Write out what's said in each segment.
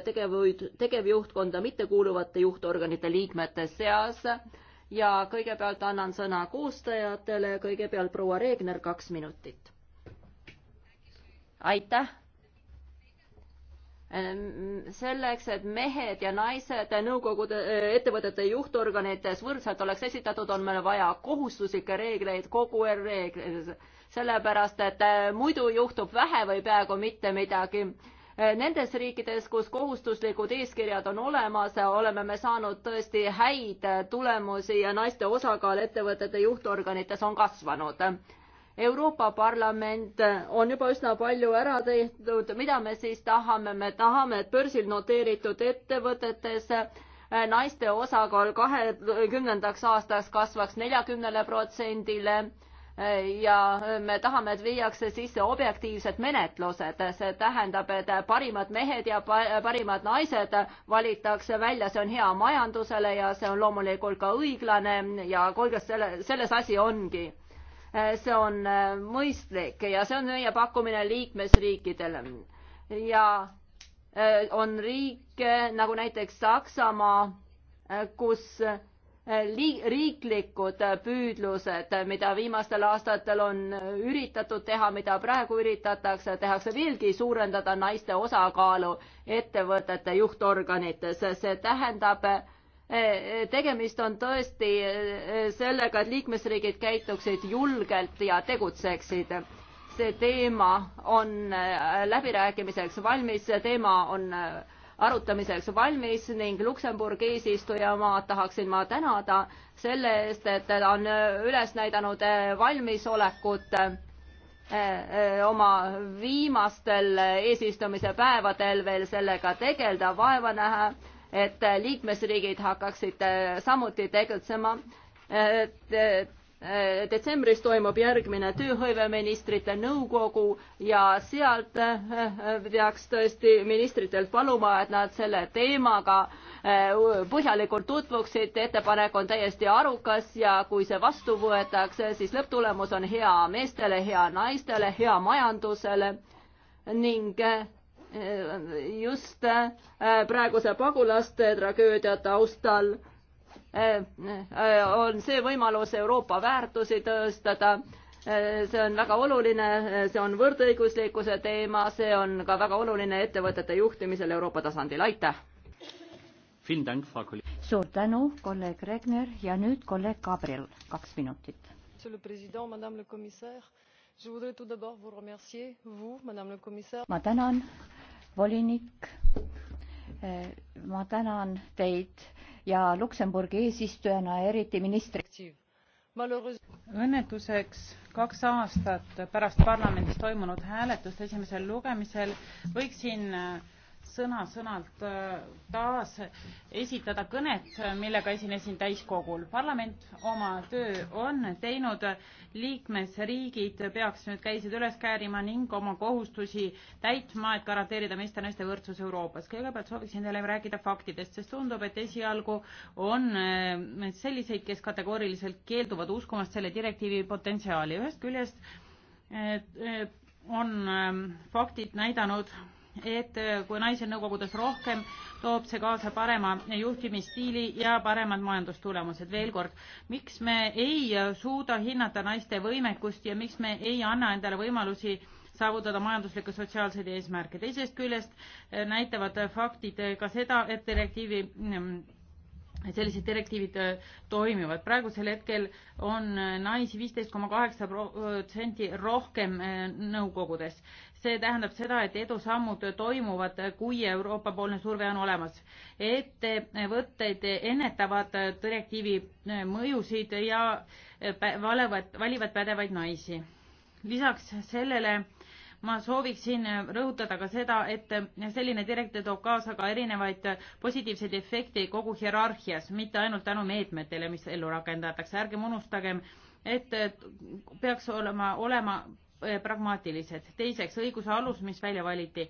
tegevjuht, tegevjuhtkonda mittekuuluvate juhtorganite liikmete seas ja kõigepealt annan sõna koostajatele, kõigepealt proua Reegner, kaks minutit. aitäh! selleks, et mehed ja naised nõukogude ettevõtete juhtorganites võrdselt oleks esitatud, on meil vaja kohustuslikke reegleid kogu reeglis, sellepärast et muidu juhtub vähe või peaaegu mitte midagi Äh, nendes riikides, kus kohustuslikud eeskirjad on olemas, oleme me saanud tõesti häid tulemusi ja naiste osakaal ettevõtete juhtorganites on kasvanud. Euroopa Parlament on juba üsna palju ära tehtud, mida me siis tahame, me tahame, et börsil noteeritud ettevõtetes äh, naiste osakaal kahekümnendaks aastaks kasvaks neljakümnele protsendile ja me tahame, et viiakse sisse objektiivsed menetlused, see tähendab, et parimad mehed ja parimad naised valitakse välja, see on hea majandusele ja see on loomulikult ka õiglane ja kõiges selle, selles asi ongi. see on äh, mõistlik ja see on meie pakkumine liikmesriikidele ja äh, on riike nagu näiteks Saksamaa, äh, kus riiklikud püüdlused, mida viimastel aastatel on üritatud teha, mida praegu üritatakse, tehakse veelgi suurendada naiste osakaalu ettevõtete juhtorganites, see tähendab, e, e, tegemist on tõesti e, sellega, et liikmesriigid käituksid julgelt ja tegutseksid. see teema on läbirääkimiseks valmis, see teema on arutamiseks valmis ning Luksemburgi eesistujamaad tahaksin ma tänada selle eest, et ta on üles näidanud eh, valmisolekut eh, eh, oma viimastel eesistumise päevadel veel sellega tegeleda, vaeva näha, et liikmesriigid hakkaksid samuti tegutsema et Eh, detsembris toimub järgmine tööhõiveministrite nõukogu ja sealt eh, peaks tõesti ministritelt paluma, et nad selle teemaga eh, põhjalikult tutvuksid, ettepanek on täiesti arukas ja kui see vastu võetakse, siis lõpptulemus on hea meestele, hea naistele, hea majandusele ning just praeguse pagulaste tragöödia taustal Äh, äh, on see võimalus Euroopa väärtusi tõstada, äh, see on väga oluline, see on võrdõiguslikkuse teema, see on ka väga oluline ettevõtete juhtimisel Euroopa tasandil, aitäh! suur tänu, kolleeg Regner ja nüüd kolleeg Gabriel, kaks minutit. ma tänan, volinik Eh, ma tänan teid ja Luksemburgi eesistujana ja eriti ministrit. õnnetuseks kaks aastat pärast parlamendis toimunud hääletust esimesel lugemisel võiksin eh, sõna-sõnalt äh, taas esitada kõnet, millega esinesin täiskogul. parlament oma töö on teinud, liikmesriigid peaks nüüd käised üles käärima ning oma kohustusi täitma, et garanteerida meeste ja naiste võrdsus Euroopas. kõigepealt sooviksin teile rääkida faktidest, sest tundub, et esialgu on äh, selliseid, kes kategooriliselt keelduvad uskumast selle direktiivi potentsiaali. ühest küljest äh, on ähm, faktid näidanud, et äh, kui naisi on nõukogudes rohkem, toob see kaasa parema juhtimisstiili ja paremad majandustulemused. veel kord, miks me ei suuda hinnata naiste võimekust ja miks me ei anna endale võimalusi saavutada majanduslikke sotsiaalseid eesmärke. teisest küljest äh, näitavad faktid äh, ka seda, et direktiivi mm, et sellised direktiivid äh, toimivad. praegusel hetkel on äh, naisi viisteist koma kaheksa protsenti rohkem äh, nõukogudes. see tähendab seda, et edusammud toimuvad, kui Euroopa-poolne surve on olemas. ettevõtted ennetavad direktiivi mõjusid ja valevad, valivad pädevaid naisi. lisaks sellele ma sooviksin rõhutada ka seda, et selline direktiiv toob kaasa ka erinevaid positiivseid efekte kogu hierarhias, mitte ainult tänu meetmetele, mis ellu rakendatakse. ärgem unustagem, et peaks olema, olema eh, pragmaatilised. teiseks, õiguse alus, mis välja valiti,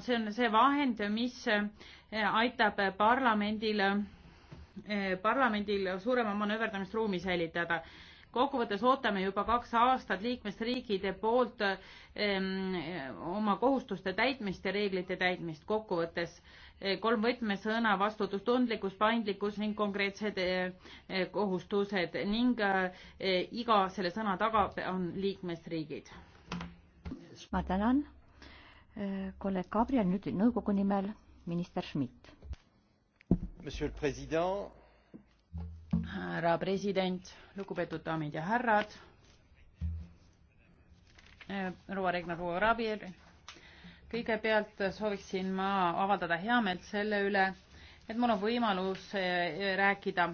see on see vahend, mis eh, aitab parlamendil, eh, parlamendil suurema manööverdamisruumi säilitada kokkuvõttes ootame juba kaks aastat liikmesriikide poolt ehm, oma kohustuste täitmist ja reeglite täitmist. kokkuvõttes eh, kolm võtmesõna vastutustundlikkus, paindlikkus ning konkreetsed eh, eh kohustused ning eh, iga selle sõna taga on liikmesriigid. ma tänan. Eh, kolleeg Gabriel, nüüd nõukogu nimel minister Schmidt. Monsieur le Président, härra president, lugupeetud daamid ja härrad, eh, proua Regna Ruorabier, kõigepealt sooviksin ma avaldada heameelt selle üle, et mul on võimalus eh, rääkida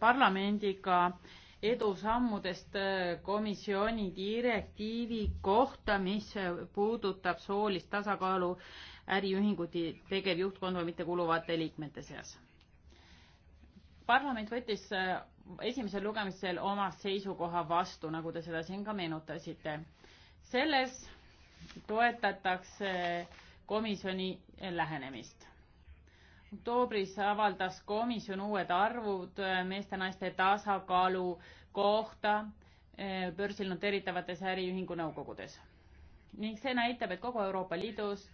parlamendiga edusammudest eh, komisjoni direktiivi kohta, mis puudutab soolist tasakaalu äriühingute tegevjuhtkonda mitte kuluvate liikmete seas parlament võttis äh, esimesel lugemisel oma seisukoha vastu, nagu te seda siin ka meenutasite. selles toetatakse komisjoni lähenemist. oktoobris avaldas komisjon uued arvud äh, meeste-naiste tasakaalu kohta äh, börsil noteeritavates äriühingu nõukogudes ning see näitab, et kogu Euroopa Liidus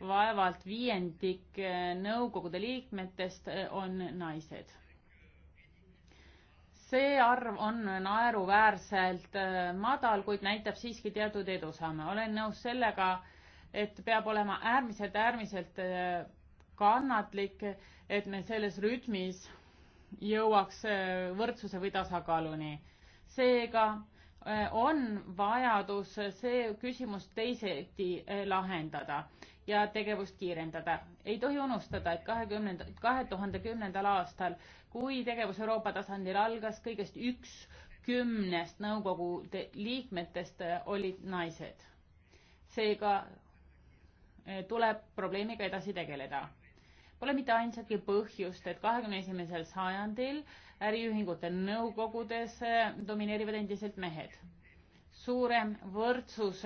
vaevalt viiendik nõukogude liikmetest on naised see arv on naeruväärselt äh, madal, kuid näitab siiski teatud edusamme. olen nõus sellega, et peab olema äärmiselt, äärmiselt äh, kannatlik, et me selles rütmis jõuaks äh, võrdsuse või tasakaaluni. seega on vajadus see küsimus teisiti lahendada ja tegevust kiirendada. ei tohi unustada, et kahekümnenda, kahe tuhande kümnendal aastal kui tegevus Euroopa tasandil algas, kõigest üks kümnest nõukogu liikmetest äh, olid naised. seega äh, tuleb probleemiga edasi tegeleda. Pole mitte ainsatki põhjust, et kahekümne esimesel sajandil äriühingute nõukogudes äh, domineerivad endiselt mehed. suurem võrdsus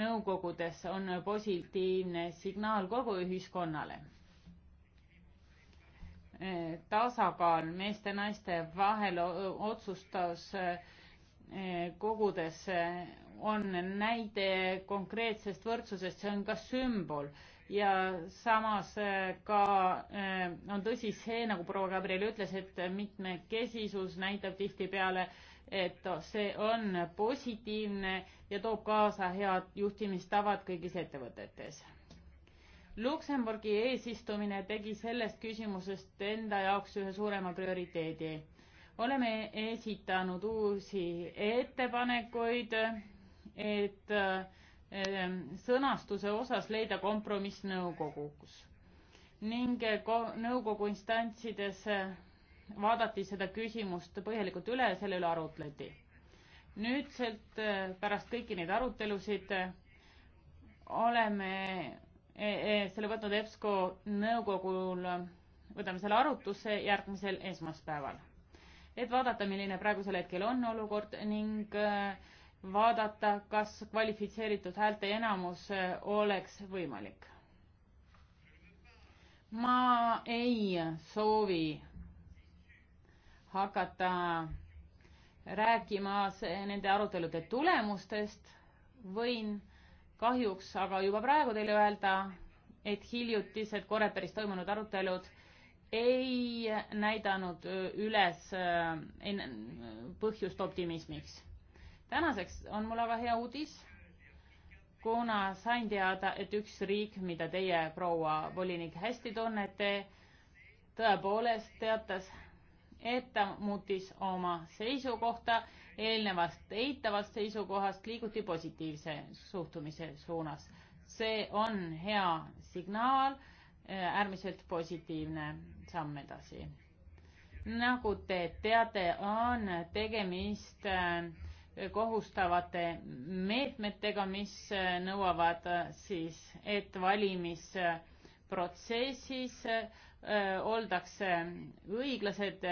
nõukogudes on positiivne signaal kogu ühiskonnale tasakaal meeste naiste vahel otsustas eh, kogudes eh, on näide konkreetsest võrdsusest, see on ka sümbol ja samas eh, ka on tõsi see, nagu proua Gabriel ütles, et mitmekesisus näitab tihtipeale, et see on positiivne ja toob kaasa head juhtimistavad kõigis ettevõtetes Luksemburgi eesistumine tegi sellest küsimusest enda jaoks ühe suurema prioriteedi. oleme esitanud uusi ettepanekuid, et ehm, sõnastuse osas leida kompromiss nõukogus ning nõukogu instantsides vaadati seda küsimust põhjalikult üle ja selle üle arutleti. nüüdselt pärast kõiki neid arutelusid oleme E, e, selle võtnud EBSCO nõukogul, võtame selle arutusse järgmisel esmaspäeval. et vaadata, milline praegusel hetkel on olukord ning e, vaadata, kas kvalifitseeritud häälte enamus oleks võimalik. ma ei soovi hakata rääkima nende arutelude tulemustest, võin kahjuks aga juba praegu teile öelda, et hiljutised Koreperis toimunud arutelud ei näidanud äh, üles äh, põhjust optimismiks. tänaseks on mul aga hea uudis, kuna sain teada, et üks riik, mida teie, proua volinik, hästi tunnete, tõepoolest teatas, et ta muutis oma seisukohta eelnevast eitavast seisukohast liiguti positiivse suhtumise suunas. see on hea signaal, äh, äärmiselt positiivne samm edasi. nagu te teate, on tegemist äh, kohustavate meetmetega, mis äh, nõuavad siis, et valimisprotsessis oldakse õiglased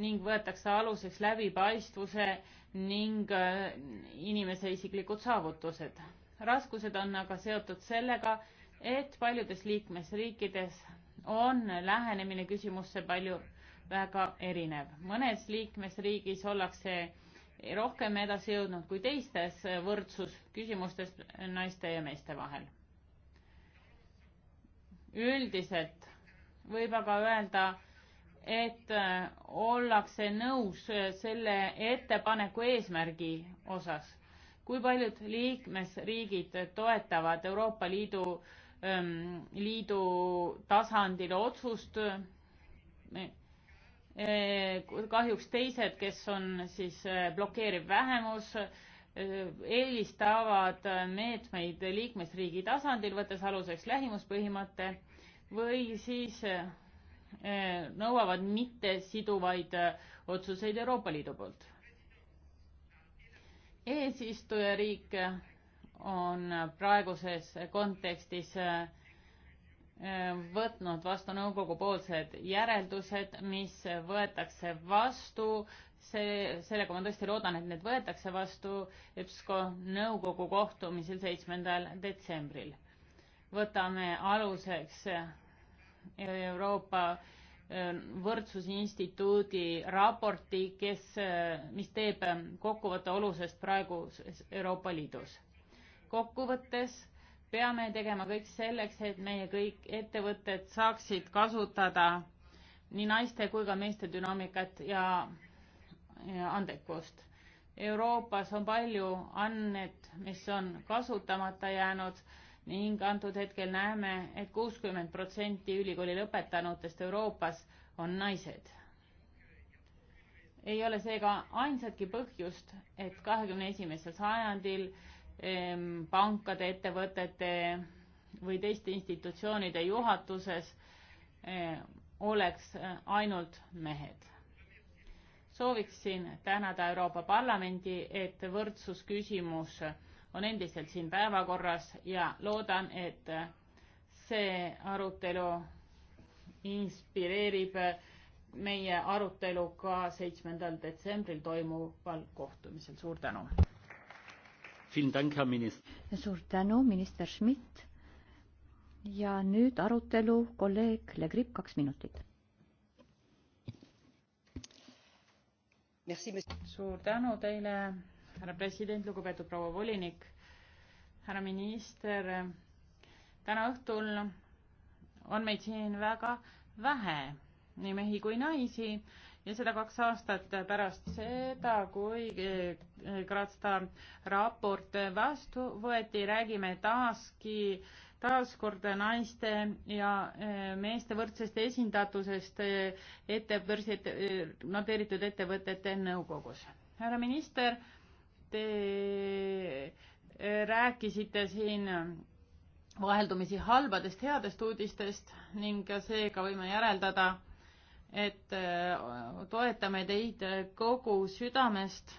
ning võetakse aluseks läbipaistvuse ning äh, inimese isiklikud saavutused. raskused on aga seotud sellega, et paljudes liikmesriikides on lähenemine küsimusse palju väga erinev. mõnes liikmesriigis ollakse rohkem edasi jõudnud kui teistes võrdsusküsimustes naiste ja meeste vahel. üldiselt võib aga öelda, et äh, ollakse nõus äh, selle ettepaneku eesmärgi osas. kui paljud liikmesriigid toetavad Euroopa Liidu, ähm, liidu tasandil otsust? Äh, kahjuks teised, kes on siis blokeeriv vähemus, eelistavad meetmeid liikmesriigi tasandil, võttes aluseks lähimuspõhimõtte või siis Eh, nõuavad mittesiduvaid eh, otsuseid Euroopa Liidu poolt. eesistujariik on praeguses kontekstis eh, võtnud vastu nõukogu poolsed järeldused, mis võetakse vastu, see, sellega ma tõesti loodan, et need võetakse vastu EBSCO nõukogu kohtumisel seitsmendal detsembril. võtame aluseks Euroopa äh, Võrdsusinstituudi raporti, kes, äh, mis teeb äh, kokkuvõtte olusest praegu Euroopa Liidus. kokkuvõttes peame tegema kõik selleks, et meie kõik ettevõtted saaksid kasutada nii naiste kui ka meeste dünaamikat ja, ja andekust. Euroopas on palju annet, mis on kasutamata jäänud ning antud hetkel näeme et, et kuuskümmend protsenti ülikooli lõpetanutest Euroopas on naised. ei ole seega ainsatki põhjust, et kahekümne esimesel sajandil ehm, pankade, ettevõtete või teiste institutsioonide juhatuses ehm, oleks eh, ainult mehed. sooviksin tänada Euroopa Parlamendi, et võrdsusküsimus on endiselt siin päevakorras ja loodan, et see arutelu inspireerib meie arutelu ka seitsmendal detsembril toimuval kohtumisel. suur tänu! suur tänu, minister Schmidt! ja nüüd arutelu, kolleeg Le Grip, kaks minutit. suur tänu teile härra president, lugupeetud proua volinik, härra minister. täna õhtul on meid siin väga vähe, nii mehi kui naisi ja seda kaks aastat pärast seda, kui Kratsa eh, raport vastu võeti, räägime taaski, taaskord naiste ja eh, meeste võrdsest esindatusest ette börsi ette, noteeritud ettevõtete nõukogus. härra minister Te eh, rääkisite siin vaheldumisi halbadest headest uudistest ning seega võime järeldada, et eh, toetame teid kogu südamest.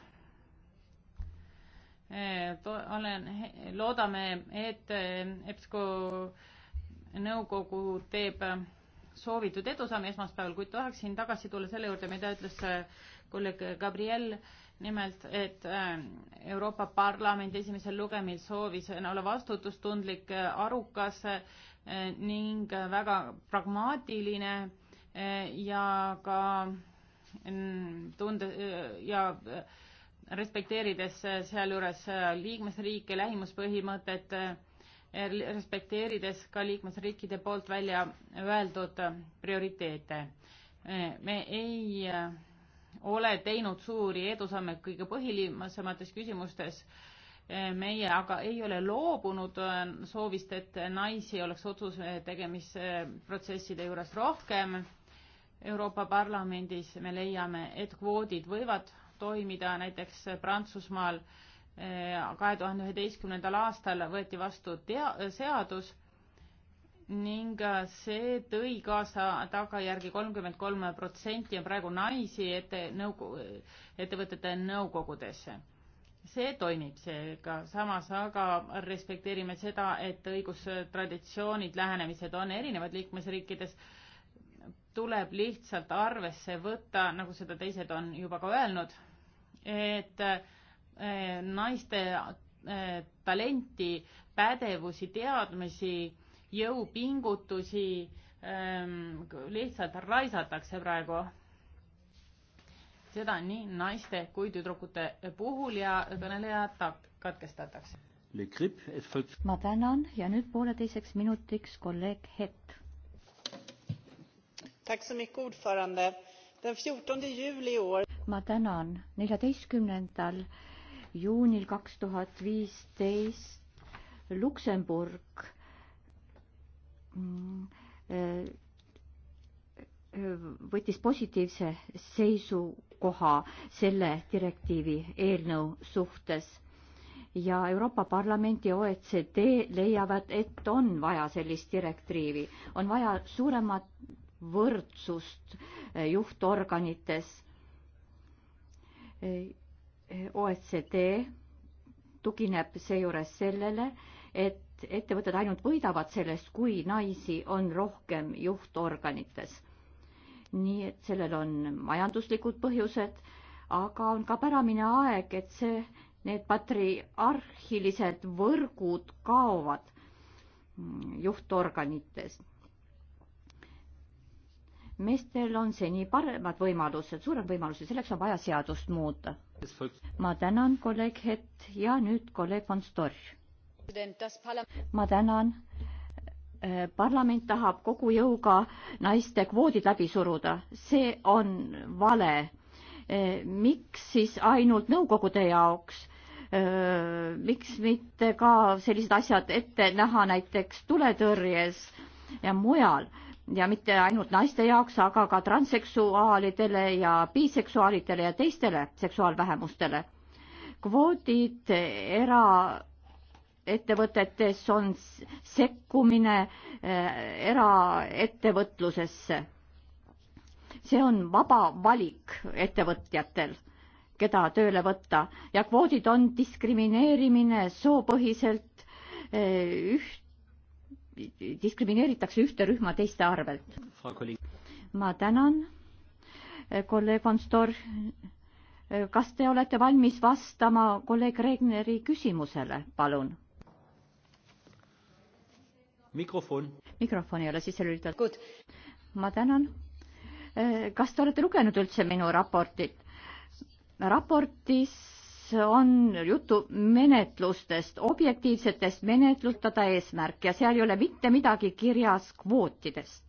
Eh, olen, loodame, et EBSCO nõukogu teeb soovitud edusamme esmaspäeval, kuid tahaksin tagasi tulla selle juurde, mida ütles kolleeg Gabriel äh, nimelt, et äh, Euroopa Parlament esimesel lugemil soovis olla vastutustundlik, äh, arukas äh, ning väga pragmaatiline ja ka mm, tunde ja respekteerides sealjuures liikmesriike, lähimuspõhimõtet, er-, respekteerides ka liikmesriikide poolt välja öeldud prioriteete. me ei ole teinud suuri edusamme kõige põhilisemates küsimustes. meie aga ei ole loobunud äh, soovist, et naisi oleks otsuse tegemisprotsesside juures rohkem. Euroopa Parlamendis me leiame, et kvoodid võivad toimida näiteks Prantsusmaal äh, kahe tuhande üheteistkümnendal aastal võeti vastu tea-, seadus ning äh, see tõi kaasa tagajärgi kolmkümmend kolm protsenti on praegu naisi ette nõukogu, ettevõtete nõukogudesse. see toimib seega, samas aga respekteerime seda, et õigustraditsioonid, lähenemised on erinevad liikmesriikides, tuleb lihtsalt arvesse võtta, nagu seda teised on juba ka öelnud, et äh, naiste äh, talenti, pädevusi, teadmisi jõupingutusi ähm, lihtsalt raisatakse praegu. seda nii naiste kui tüdrukute puhul ja kõnelejad katkestatakse. ma tänan ja nüüd pooleteiseks minutiks kolleeg Hett. ma tänan, neljateistkümnendal juunil kaks tuhat viisteist Luksemburg Mm, äh, võttis positiivse seisukoha selle direktiivi eelnõu suhtes ja Euroopa Parlament ja OECD leiavad, et on vaja sellist direktiivi, on vaja suuremat võrdsust äh, juhtorganites. Äh, OECD tugineb seejuures sellele, et et ettevõtted ainult võidavad sellest, kui naisi on rohkem juhtorganites. nii et sellel on majanduslikud põhjused, aga on ka päramine aeg, et see, need patriarhilised võrgud kaovad juhtorganites. meestel on seni paremad võimalused, suurem võimalus ja selleks on vaja seadust muuta. ma tänan kolleeg Hett ja nüüd kolleeg von Storch ma tänan. Äh, parlament tahab kogu jõuga naiste kvoodid läbi suruda, see on vale. Äh, miks siis ainult nõukogude jaoks? Äh, miks mitte ka sellised asjad ette näha näiteks tuletõrjes ja mujal ja mitte ainult naiste jaoks, aga ka transseksuaalidele ja biseksuaalidele ja teistele seksuaalvähemustele. kvoodid era ettevõtetes on sekkumine eh, eraettevõtlusesse. see on vaba valik ettevõtjatel, keda tööle võtta ja kvoodid on diskrimineerimine soopõhiselt eh, üht, diskrimineeritakse ühte rühma teiste arvelt. ma tänan, eh, kolleeg Onstor. kas te olete valmis vastama kolleeg Regneri küsimusele, palun? mikrofon. mikrofon ei ole sisse lülitatud. ma tänan. Eh, kas te olete lugenud üldse minu raportit? raportis on juttu menetlustest, objektiivsetest menetlustada eesmärk ja seal ei ole mitte midagi kirjas kvootidest.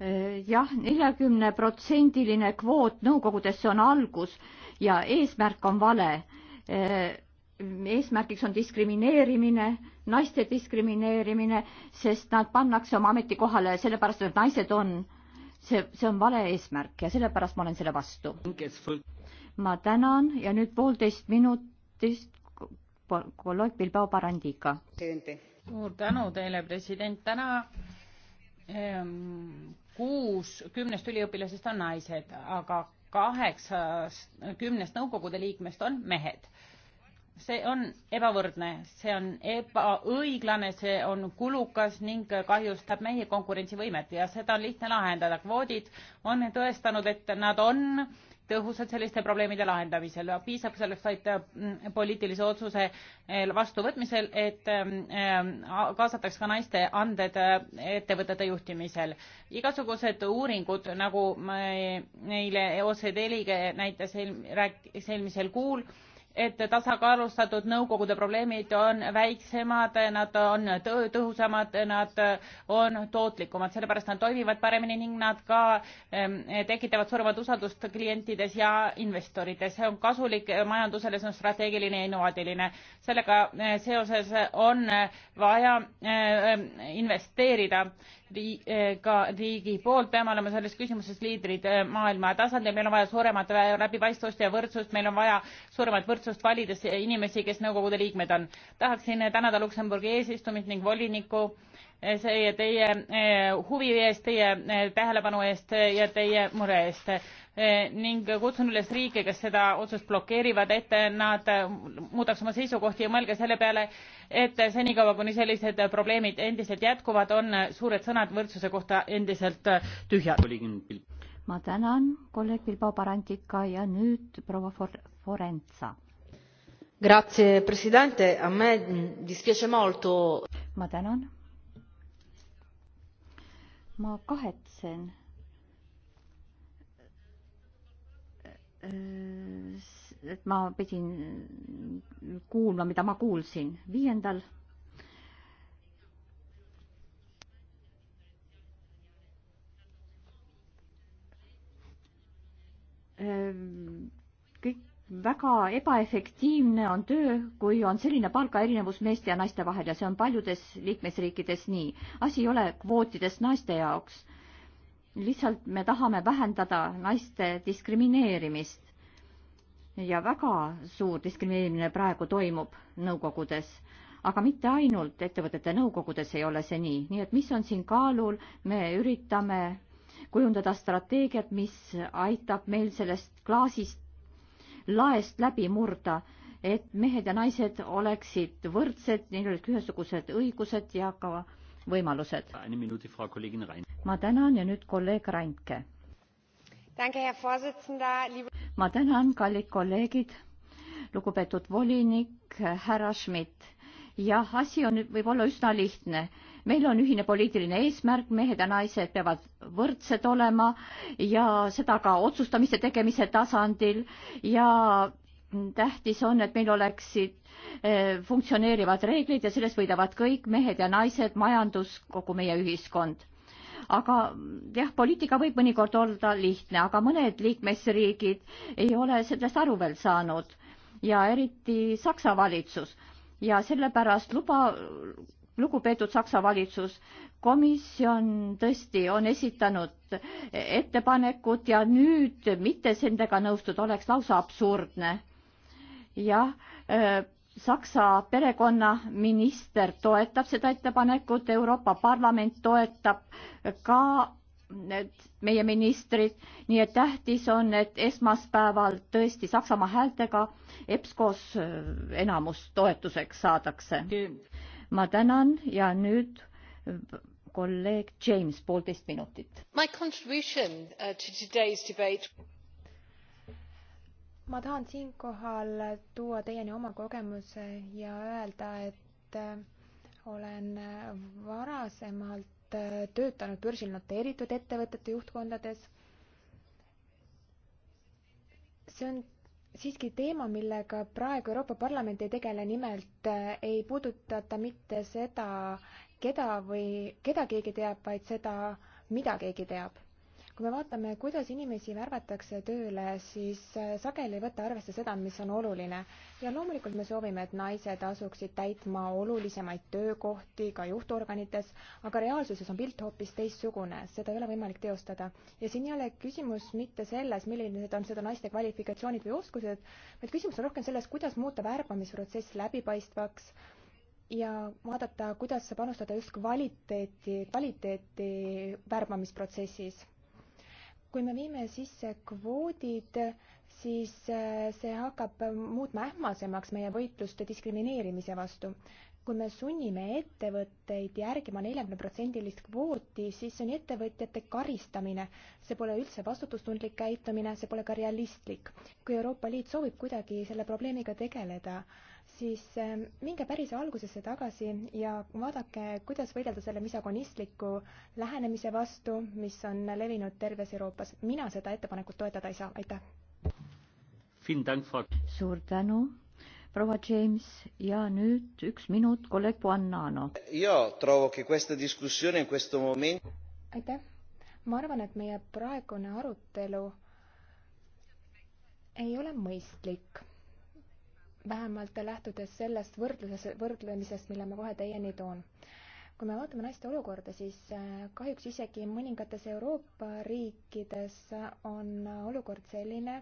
Eh, jah, neljakümne protsendiline kvoot nõukogudesse on algus ja eesmärk on vale Äh, eesmärgiks on diskrimineerimine, naiste diskrimineerimine, sest nad pannakse oma ametikohale sellepärast, et naised on. see, see on vale eesmärk ja sellepärast ma olen selle vastu. ma tänan ja nüüd poolteist minutist kolleeg Bilbao Barandiga. suur tänu teile, president, täna ähm, kuus kümnest üliõpilasest on naised, aga kaheksast, kümnest nõukogude liikmest on mehed. see on ebavõrdne, see on ebaõiglane, see on kulukas ning kahjustab meie konkurentsivõimet ja seda on lihtne lahendada. kvoodid on tõestanud, et nad on tõhusad selliste probleemide lahendamisel. piisab selleks vaid mm, poliitilise otsuse eh, vastuvõtmisel, et mm, kaasataks ka naiste anded eh, ettevõtete juhtimisel. igasugused uuringud, nagu meile OCD liige näitas eelmisel kuul, et tasakaalustatud nõukogude probleemid on väiksemad nad on tõ tõhusamad nad on tootlikumad sellepärast nad toimivad paremini ning nad ka ehm, tekitavad suuremat usaldust klientides ja investorites see on kasulik majandusele see on strateegiline ja innovaatiline sellega eh, seoses on vaja eh, investeerida Eh, ka riigi poolt, peame olema selles küsimuses liidrid eh, maailma tasandil, meil on vaja suuremat läbipaistvust ja võrdsust, meil on vaja suuremat võrdsust valides inimesi, kes nõukogude liikmed on. tahaksin tänada Luksemburgi eesistumist ning volinikku see teie eh, huvi eest, teie eh, tähelepanu eest ja teie mure eest eh, ning kutsun üles riike, kes seda otsust blokeerivad, et nad muudaks oma seisukohti ja mõelge selle peale, et senikaua, kuni sellised probleemid endiselt jätkuvad, on suured sõnad võrdsuse kohta endiselt tühjad. ma tänan kolleeg Bilbao Barantika ja nüüd proua For-, Forenza. Grazie Presidente, a me dispiace molto. ma tänan ma kahetsen äh, et ma pidin kuulma, mida ma kuulsin. viiendal äh, väga ebaefektiivne on töö, kui on selline palgaerinevus meeste ja naiste vahel ja see on paljudes liikmesriikides nii. asi ei ole kvootides naiste jaoks. lihtsalt me tahame vähendada naiste diskrimineerimist. ja väga suur diskrimineerimine praegu toimub nõukogudes, aga mitte ainult ettevõtete nõukogudes ei ole see nii, nii et mis on siin kaalul, me üritame kujundada strateegiat, mis aitab meil sellest klaasist laest läbi murda, et mehed ja naised oleksid võrdsed, neil olid ühesugused õigused ja ka võimalused. ma tänan ja nüüd kolleeg Randke. ma tänan, kallid kolleegid, lugupeetud volinik härra Schmidt. jah, asi on, võib olla üsna lihtne meil on ühine poliitiline eesmärk, mehed ja naised peavad võrdsed olema ja seda ka otsustamiste tegemise tasandil ja tähtis on, et meil oleksid eh, funktsioneerivad reeglid ja sellest võidavad kõik mehed ja naised, majandus, kogu meie ühiskond. aga jah, poliitika võib mõnikord olla lihtne, aga mõned liikmesriigid ei ole sellest aru veel saanud ja eriti Saksa valitsus ja sellepärast luba lugupeetud Saksa valitsus, komisjon tõesti on esitanud ettepanekud ja nüüd mitte nendega nõustuda oleks lausa absurdne. jah, äh, Saksa perekonnaminister toetab seda ettepanekut, Euroopa Parlament toetab ka meie ministrid, nii et tähtis on, et esmaspäeval tõesti Saksamaa häältega EBSCO-s äh, enamus toetuseks saadakse ma tänan ja nüüd äh, kolleeg James, poolteist minutit. Uh, ma tahan siinkohal tuua teieni oma kogemuse ja öelda, et äh, olen äh, varasemalt töötanud börsil noteeritud ettevõtete juhtkondades. see on siiski teema, millega praegu Euroopa Parlament ei tegele, nimelt äh, ei puudutata mitte seda, keda või keda keegi teab, vaid seda, mida keegi teab kui me vaatame, kuidas inimesi värvatakse tööle, siis äh, sageli ei võta arvesse seda, mis on oluline. ja loomulikult me soovime, et naised asuksid täitma olulisemaid töökohti ka juhtorganites, aga reaalsuses on pilt hoopis teistsugune, seda ei ole võimalik teostada. ja siin ei ole küsimus mitte selles, millised on seda naiste kvalifikatsioonid või oskused, vaid küsimus on rohkem selles, kuidas muuta värbamisprotsess läbipaistvaks ja vaadata, kuidas panustada just kvaliteeti, kvaliteeti värbamisprotsessis kui me viime sisse kvoodid, siis äh, see hakkab muutma ähmasemaks meie võitlust diskrimineerimise vastu. kui me sunnime ettevõtteid järgima neljakümneprotsendilist kvooti, siis see on ettevõtjate karistamine. see pole üldse vastutustundlik käitumine, see pole ka realistlik. kui Euroopa Liit soovib kuidagi selle probleemiga tegeleda, siis eh, minge päris algusesse tagasi ja vaadake, kuidas võidelda selle misogonistliku lähenemise vastu, mis on levinud terves Euroopas. mina seda ettepanekut toetada ei saa, aitäh. suur tänu, proua James ja nüüd üks minut kolleeg Puannano. aitäh, ma arvan, et meie praegune arutelu ei ole mõistlik vähemalt lähtudes sellest võrdluses, võrdlemisest, mille ma kohe teieni toon. kui me vaatame naiste olukorda, siis äh, kahjuks isegi mõningates Euroopa riikides on olukord selline,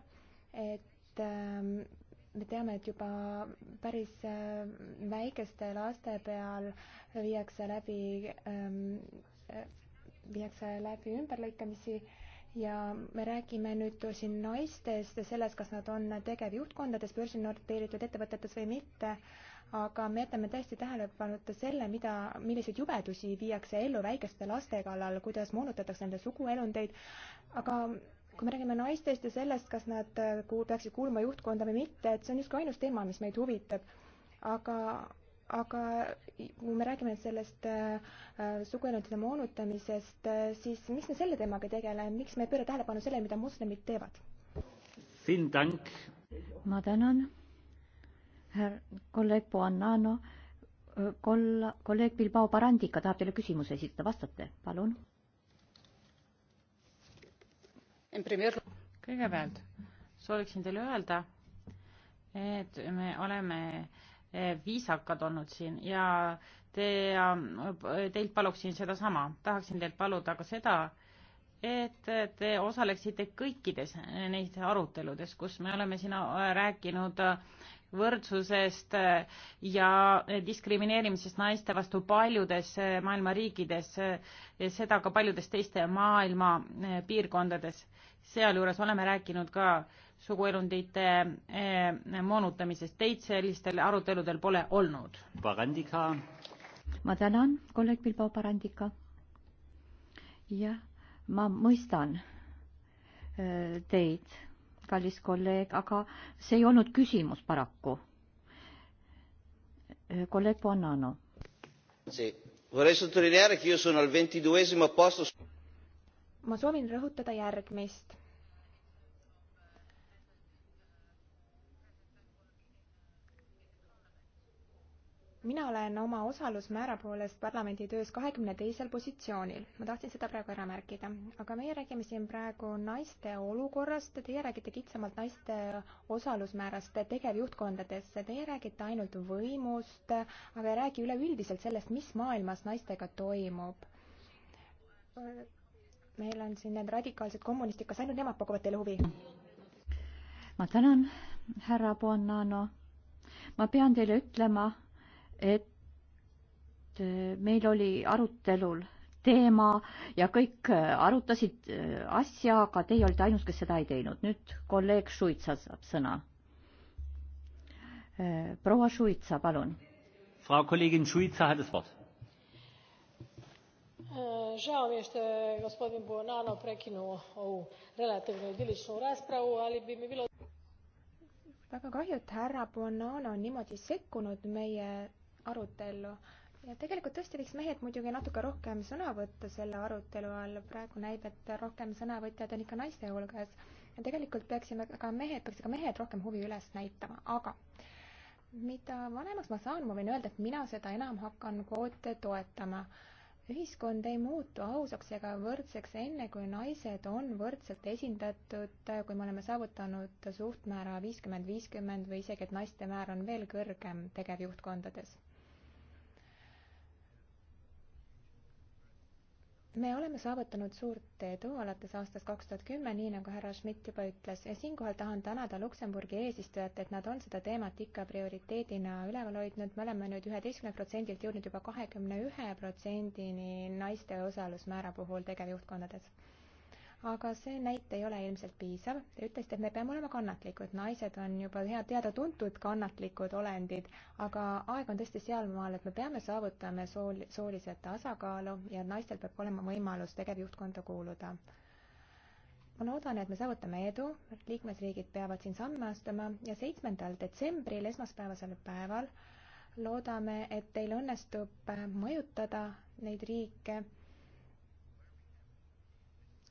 et ähm, me teame, et juba päris äh, väikeste laste peal viiakse läbi, ähm, äh, viiakse läbi ümberlõikamisi ja me räägime nüüd siin naistest ja sellest, kas nad on tegevjuhtkondades, börsil noteeritud ettevõtetes või mitte, aga me jätame täiesti tähelepanuta selle, mida, milliseid jubedusi viiakse ellu väikeste laste kallal, kuidas moonutatakse nende suguelundeid, aga kui me räägime naistest ja sellest, kas nad äh, kuul-, peaksid kuuluma juhtkonda või mitte, et see on justkui ainus teema, mis meid huvitab. aga aga kui me räägime sellest äh, suguelundite moonutamisest äh,, siis miks me selle teemaga tegeleme, miks me ei pööra tähelepanu sellele, mida moslemid teevad? ma tänan, härra kolleeg Puannano, äh, koll-, kolleeg Bilbao Barandika tahab teile küsimuse esitada, vastate, palun. kõigepealt sooviksin teile öelda, et me oleme äh, viisakad olnud siin ja te, teilt paluksin sedasama, tahaksin teilt paluda ka seda, et te osaleksite kõikides neis aruteludes, kus me oleme siin rääkinud võrdsusest ja diskrimineerimisest naiste vastu paljudes maailma riikides, seda ka paljudes teiste maailma piirkondades. sealjuures oleme rääkinud ka äh, suguelundite eh, moonutamisest. Teid sellistel aruteludel pole olnud? ma tänan, kolleeg Bilbao Barandika. jah, ma mõistan eh, teid, kallis kolleeg, aga see ei olnud küsimus paraku. Eh, kolleeg Bonanno. ma soovin rõhutada järgmist mina olen oma osalusmäära poolest parlamendi töös kahekümne teisel positsioonil. ma tahtsin seda praegu ära märkida. aga meie räägime siin praegu naiste olukorrast, teie räägite kitsamalt naiste osalusmäärast tegevjuhtkondades, teie räägite ainult võimust, aga ei räägi üleüldiselt sellest, mis maailmas naistega toimub meil on siin need radikaalsed kommunistid, kas ainult nemad pakuvad teile huvi? ma tänan, härra Bonnano. ma pean teile ütlema, et äh, meil oli arutelul teema ja kõik äh, arutasid äh, asja, aga teie olite ainus, kes seda ei teinud. nüüd kolleeg Šuitsa saab sõna. proua Šuitsa, palun. Frau Kollegin Šuitsa hat es Wort žao mi je što je gospodin buonanno prekinuo ovu relativno idiličnu raspravu ali bi mi bilo väga kahju et härra buonanno on niimoodi sekkunud meie arutellu ja tegelikult tõesti võiks mehed muidugi natuke rohkem sõna võtta selle arutelu all, praegu näib, et rohkem sõnavõtjad on ikka naiste hulgas. ja tegelikult peaksime ka mehed, peaks ka mehed rohkem huvi üles näitama, aga mida vanemaks ma saan, ma võin öelda, et mina seda enam hakkan kvoote toetama. ühiskond ei muutu ausaks ega võrdseks enne, kui naised on võrdselt esindatud, kui me oleme saavutanud suhtmäära viiskümmend, viiskümmend või isegi, et naiste määr on veel kõrgem tegevjuhtkondades me oleme saavutanud suurt edu alates aastast kaks tuhat kümme, nii nagu härra Schmidt juba ütles ja siinkohal tahan tänada Luksemburgi eesistujat, et nad on seda teemat ikka prioriteedina üleval hoidnud, me oleme nüüd üheteistkümnelt protsendilt jõudnud juba kahekümne ühe protsendini naiste osalusmäära puhul tegevjuhtkondades aga see näite ei ole ilmselt piisav. Te ütlesite, et me peame olema kannatlikud, naised on juba hea teada-tuntud kannatlikud olendid, aga aeg on tõesti sealmaal, et me peame saavutama sool-, soolise tasakaalu ja naistel peab olema võimalus tegevjuhtkonda kuuluda ma loodan, et me saavutame edu, liikmesriigid peavad siin samme astuma ja seitsmendal detsembril, esmaspäevasel päeval loodame, et teil õnnestub mõjutada neid riike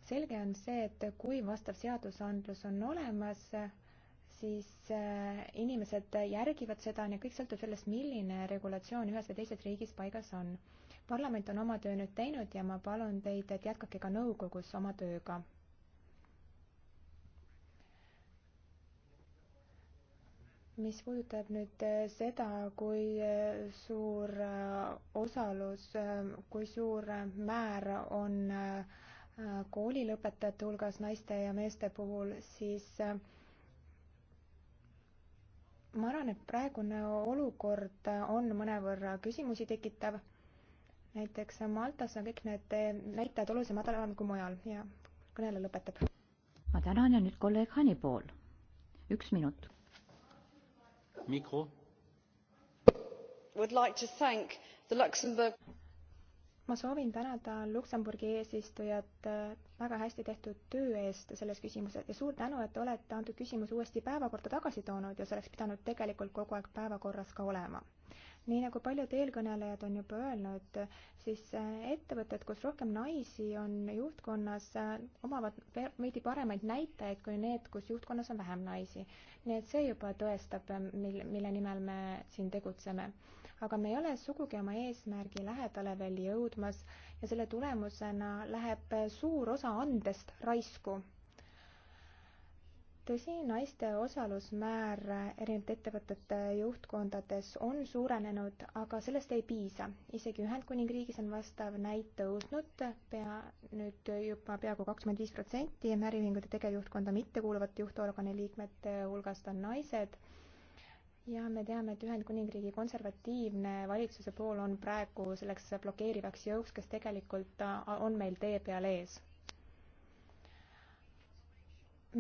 selge on see, et kui vastav seadusandlus on olemas, siis äh, inimesed järgivad seda ja kõik sõltub sellest, milline regulatsioon ühes või teises riigis paigas on. parlament on oma töö nüüd teinud ja ma palun teid, et jätkake ka nõukogus oma tööga. mis puudutab nüüd äh, seda, kui äh, suur osalus, kui suur määr on äh, Äh, koolilõpetajate hulgas naiste ja meeste puhul, siis äh, ma arvan, et praegune olukord on mõnevõrra küsimusi tekitav. näiteks Maltas on kõik need näitajad oluliselt madalamad kui mujal ja kõneleja lõpetab. ma tänan ja nüüd kolleeg Hanipool. üks minut. mikro. Would like to thank the Luxembourg ma soovin tänada Luksemburgi eesistujat äh, väga hästi tehtud töö eest selles küsimuses ja suur tänu, et olete antud küsimuse uuesti päevakorda tagasi toonud ja see oleks pidanud tegelikult kogu aeg päevakorras ka olema nii nagu paljud eelkõnelejad on juba öelnud, siis äh, ettevõtted, kus rohkem naisi on juhtkonnas, äh, omavad veidi paremaid näitajaid kui need, kus juhtkonnas on vähem naisi. nii et see juba tõestab, mil, mille nimel me siin tegutseme aga me ei ole sugugi oma eesmärgi lähedale veel jõudmas ja selle tulemusena läheb suur osa andest raisku. tõsi, naiste osalusmäär erinevate ettevõtete juhtkondades on suurenenud, aga sellest ei piisa. isegi Ühendkuningriigis on vastav näit tõusnud pea, nüüd juba peaaegu kakskümmend viis protsenti äriühingute tegevjuhtkonda mittekuuluvate juhtorgani liikmete hulgast on naised ja me teame, et Ühendkuningriigi konservatiivne valitsuse pool on praegu selleks blokeerivaks jõuks, kes tegelikult äh, on meil tee peal ees.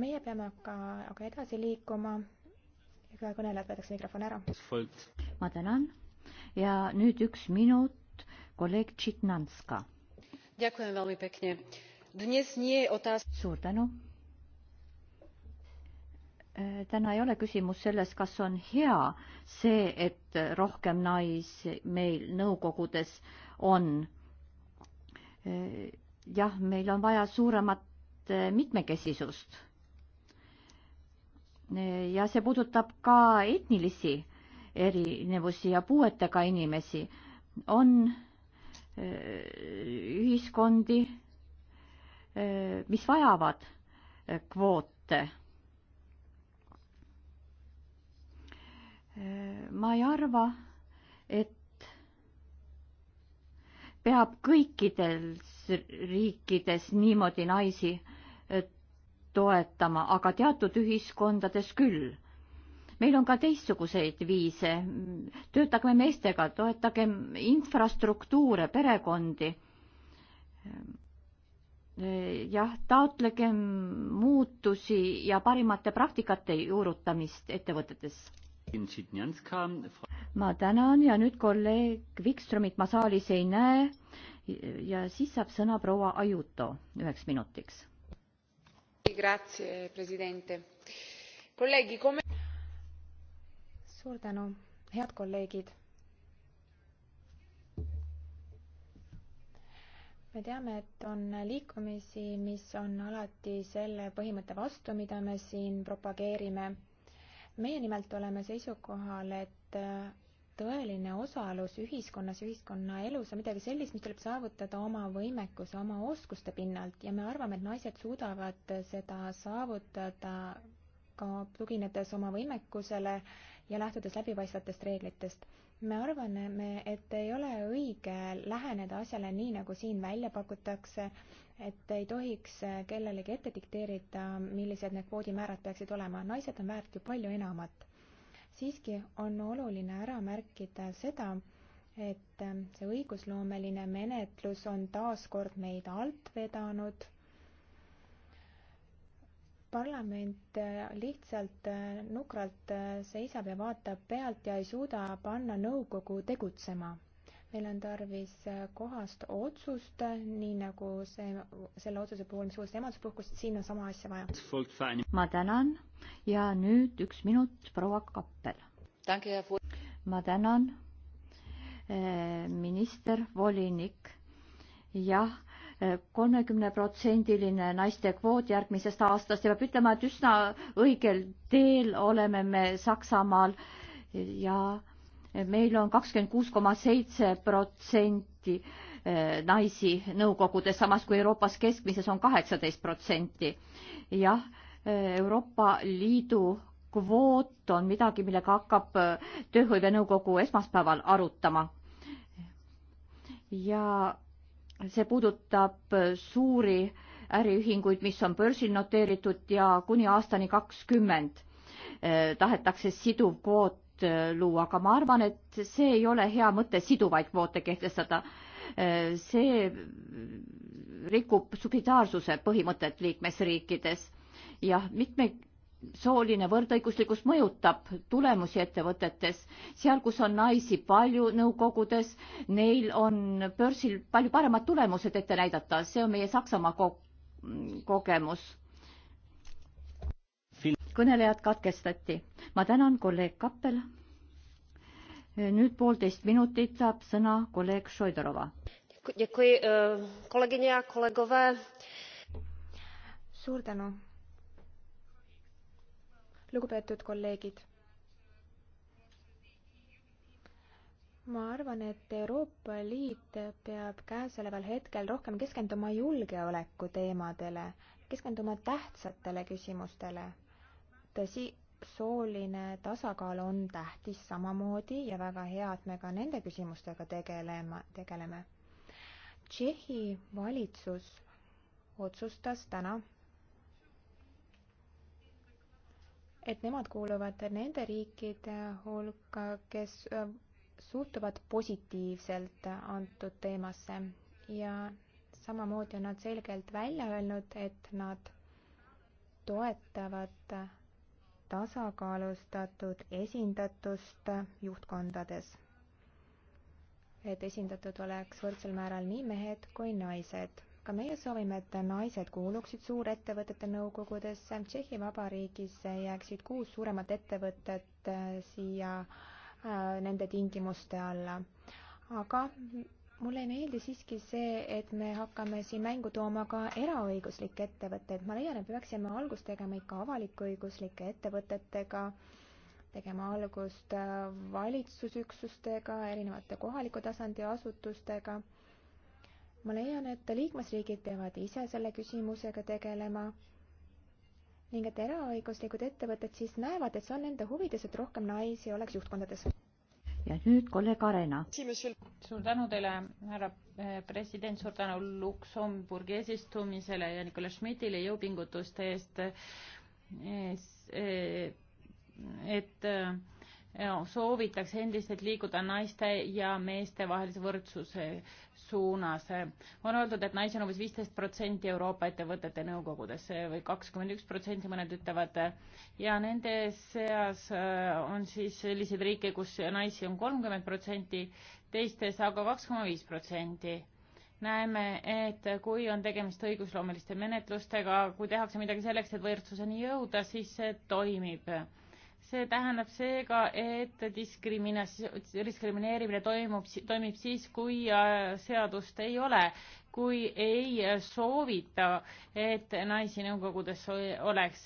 meie peame aga, aga edasi liikuma. kõnelejad võetakse mikrofon ära. ma tänan ja nüüd üks minut, kolleeg Tšitnanska. suur tänu Äh, täna ei ole küsimus selles, kas on hea see, et rohkem naisi meil nõukogudes on. Äh, jah, meil on vaja suuremat äh, mitmekesisust. ja see puudutab ka etnilisi erinevusi ja puuetega inimesi. on ühiskondi, mis vajavad kvoote ma ei arva, et peab kõikides riikides niimoodi naisi äh, toetama, aga teatud ühiskondades küll. meil on ka teistsuguseid viise, töötagem meestega, toetagem infrastruktuure, perekondi jah, taotlegem muutusi ja parimate praktikate juurutamist ettevõtetes ma tänan ja nüüd kolleeg Vikströmit ma saalis ei näe ja siis saab sõna proua Ajuto üheks minutiks. suur tänu, head kolleegid. me teame, et on liikumisi, mis on alati selle põhimõtte vastu, mida me siin propageerime meie nimelt oleme seisukohal, et äh, tõeline osalus ühiskonnas, ühiskonnaelus on midagi sellist, mis tuleb saavutada oma võimekuse, oma oskuste pinnalt ja me arvame, et naised suudavad seda saavutada ka tuginedes oma võimekusele ja lähtudes läbipaistvatest reeglitest. me arvame, et ei ole õige läheneda asjale nii, nagu siin välja pakutakse et ei tohiks äh, kellelegi ette dikteerida, millised need kvoodimäärad peaksid olema, naised on väärt ju palju enamat. siiski on oluline ära märkida seda, et äh, see õigusloomeline menetlus on taaskord meid alt vedanud. parlament äh, lihtsalt nukralt seisab ja vaatab pealt ja ei suuda panna nõukogu tegutsema meil on tarvis äh, kohast otsust, äh, nii nagu see, selle otsuse puhul, mis puudutas emaduspuhkust, siin on sama asja vaja. ma tänan ja nüüd üks minut, proua Kappel. ma tänan, äh, minister, volinik, jah kolmekümneprotsendiline naiste kvoot järgmisest aastast ja peab ütlema, et üsna õigel teel oleme me Saksamaal ja meil on kakskümmend kuus koma seitse protsenti eh, naisi nõukogudes, samas kui Euroopas keskmises on kaheksateist protsenti. jah, eh, Euroopa Liidu kvoot on midagi, millega hakkab eh, Tööhõivenõukogu esmaspäeval arutama. ja see puudutab suuri äriühinguid, mis on börsil noteeritud ja kuni aastani kakskümmend tahetakse siduv kvoot Äh, luua, aga ma arvan, et see ei ole hea mõte siduvaid kvoote kehtestada. Äh, see rikub subsidiaarsuse põhimõtet liikmesriikides. jah, mitme sooline võrdõiguslikkus mõjutab tulemusi ettevõtetes. seal, kus on naisi palju nõukogudes, neil on börsil palju paremad tulemused ette näidata, see on meie Saksamaa ko kogemus kõnelejad katkestati. ma tänan kolleeg Kappel. nüüd poolteist minutit saab sõna kolleeg Šoidorova. Eh, suur tänu. lugupeetud kolleegid. ma arvan, et Euroopa Liit peab käesoleval hetkel rohkem keskenduma julgeoleku teemadele, keskenduma tähtsatele küsimustele tõsi, sooline tasakaal on tähtis samamoodi ja väga hea, et me ka nende küsimustega tegelema, tegeleme. Tšehhi valitsus otsustas täna, et nemad kuuluvad nende riikide hulka, kes äh, suhtuvad positiivselt antud teemasse ja samamoodi on nad selgelt välja öelnud, et nad toetavad tasakaalustatud esindatust juhtkondades. et esindatud oleks võrdsel määral nii mehed kui naised. ka meie soovime, et naised kuuluksid suurettevõtete nõukogudesse. Tšehhi Vabariigis jääksid kuus suuremat ettevõtet äh, siia äh, nende tingimuste alla. aga mulle ei meeldi siiski see, et me hakkame siin mängu tooma ka eraõiguslikke ettevõtteid. ma leian, et peaksime algust tegema ikka avalik-õiguslike ettevõtetega, tegema algust äh, valitsusüksustega, erinevate kohaliku tasandi asutustega. ma leian, et liikmesriigid peavad ise selle küsimusega tegelema ning et eraõiguslikud ettevõtted siis näevad, et see on nende huvides, et rohkem naisi oleks juhtkondades ja nüüd kolleeg Arena. suur tänu teile, härra eh, president, suur tänu Luksemburgi eesistumisele ja Nicolas Schmidtile jõupingutuste eest, eh, eh, et, et Äh, soovitaks endiselt liikuda naiste ja meeste vahelise võrdsuse suunas. on öeldud, et naisi on umbes viisteist protsenti Euroopa ettevõtete nõukogudes või kakskümmend üks protsenti, mõned ütlevad, ja nende seas äh, on siis selliseid riike, kus naisi on kolmkümmend protsenti, teistes aga kaks koma viis protsenti näeme, et kui on tegemist õigusloomeliste menetlustega, kui tehakse midagi selleks, et võrdsuseni jõuda, siis see toimib see tähendab seega, et diskrimina-, diskrimineerimine toimub, toimib siis, kui äh, seadust ei ole, kui ei soovita, et naisi nõukogudes oleks.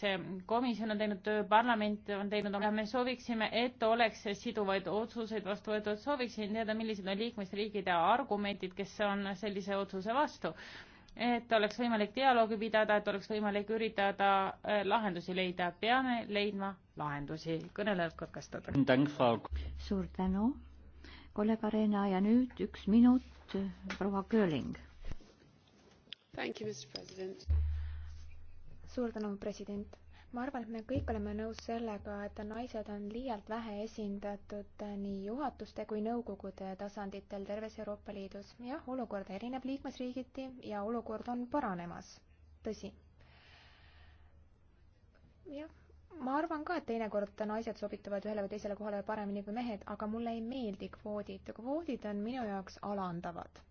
komisjon on teinud töö, parlament on teinud, me sooviksime, et oleks siduvaid otsuseid vastu võetud, sooviksin teada, millised on liikmesriigid ja argumendid, kes on sellise otsuse vastu et oleks võimalik dialoogi pidada, et oleks võimalik üritada äh, lahendusi leida. peame leidma lahendusi. kõnelejad katkestada. suur tänu, kolleeg Arena ja nüüd üks minut, proua Kööling. suur tänu, president ma arvan, et me kõik oleme nõus sellega, et naised on liialt vähe esindatud nii juhatuste kui nõukogude tasanditel terves Euroopa Liidus. jah, olukord erineb liikmesriigiti ja olukord on paranemas, tõsi. jah, ma arvan ka, et teinekord naised sobituvad ühele või teisele kohale paremini kui mehed, aga mulle ei meeldi kvoodid. kvoodid on minu jaoks alandavad.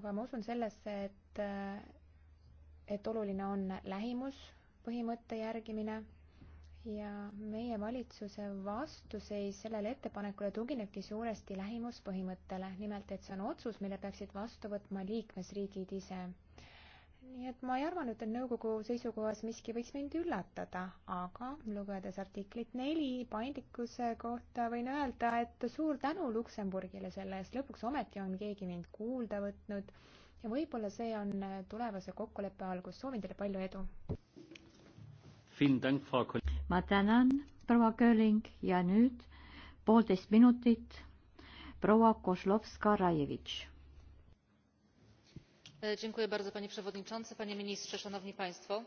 aga ma usun sellesse, et et oluline on lähimus põhimõtte järgimine ja meie valitsuse vastuseis sellele ettepanekule tuginebki suuresti lähimuspõhimõttele, nimelt et see on otsus, mille peaksid vastu võtma liikmesriigid ise. nii et ma ei arvanud, et nõukogu seisukohas miski võiks mind üllatada, aga lugedes artiklit neli paindlikkuse kohta, võin öelda, et suur tänu Luksemburgile selle eest, lõpuks ometi on keegi mind kuulda võtnud ja võib-olla see on tulevase kokkuleppe algus, soovin teile palju edu! ma tänan, proua Kööling ja nüüd poolteist minutit proua Kozlovska-Rajevitš. panie przewodniczący, panie ministrze, szanowni państwo.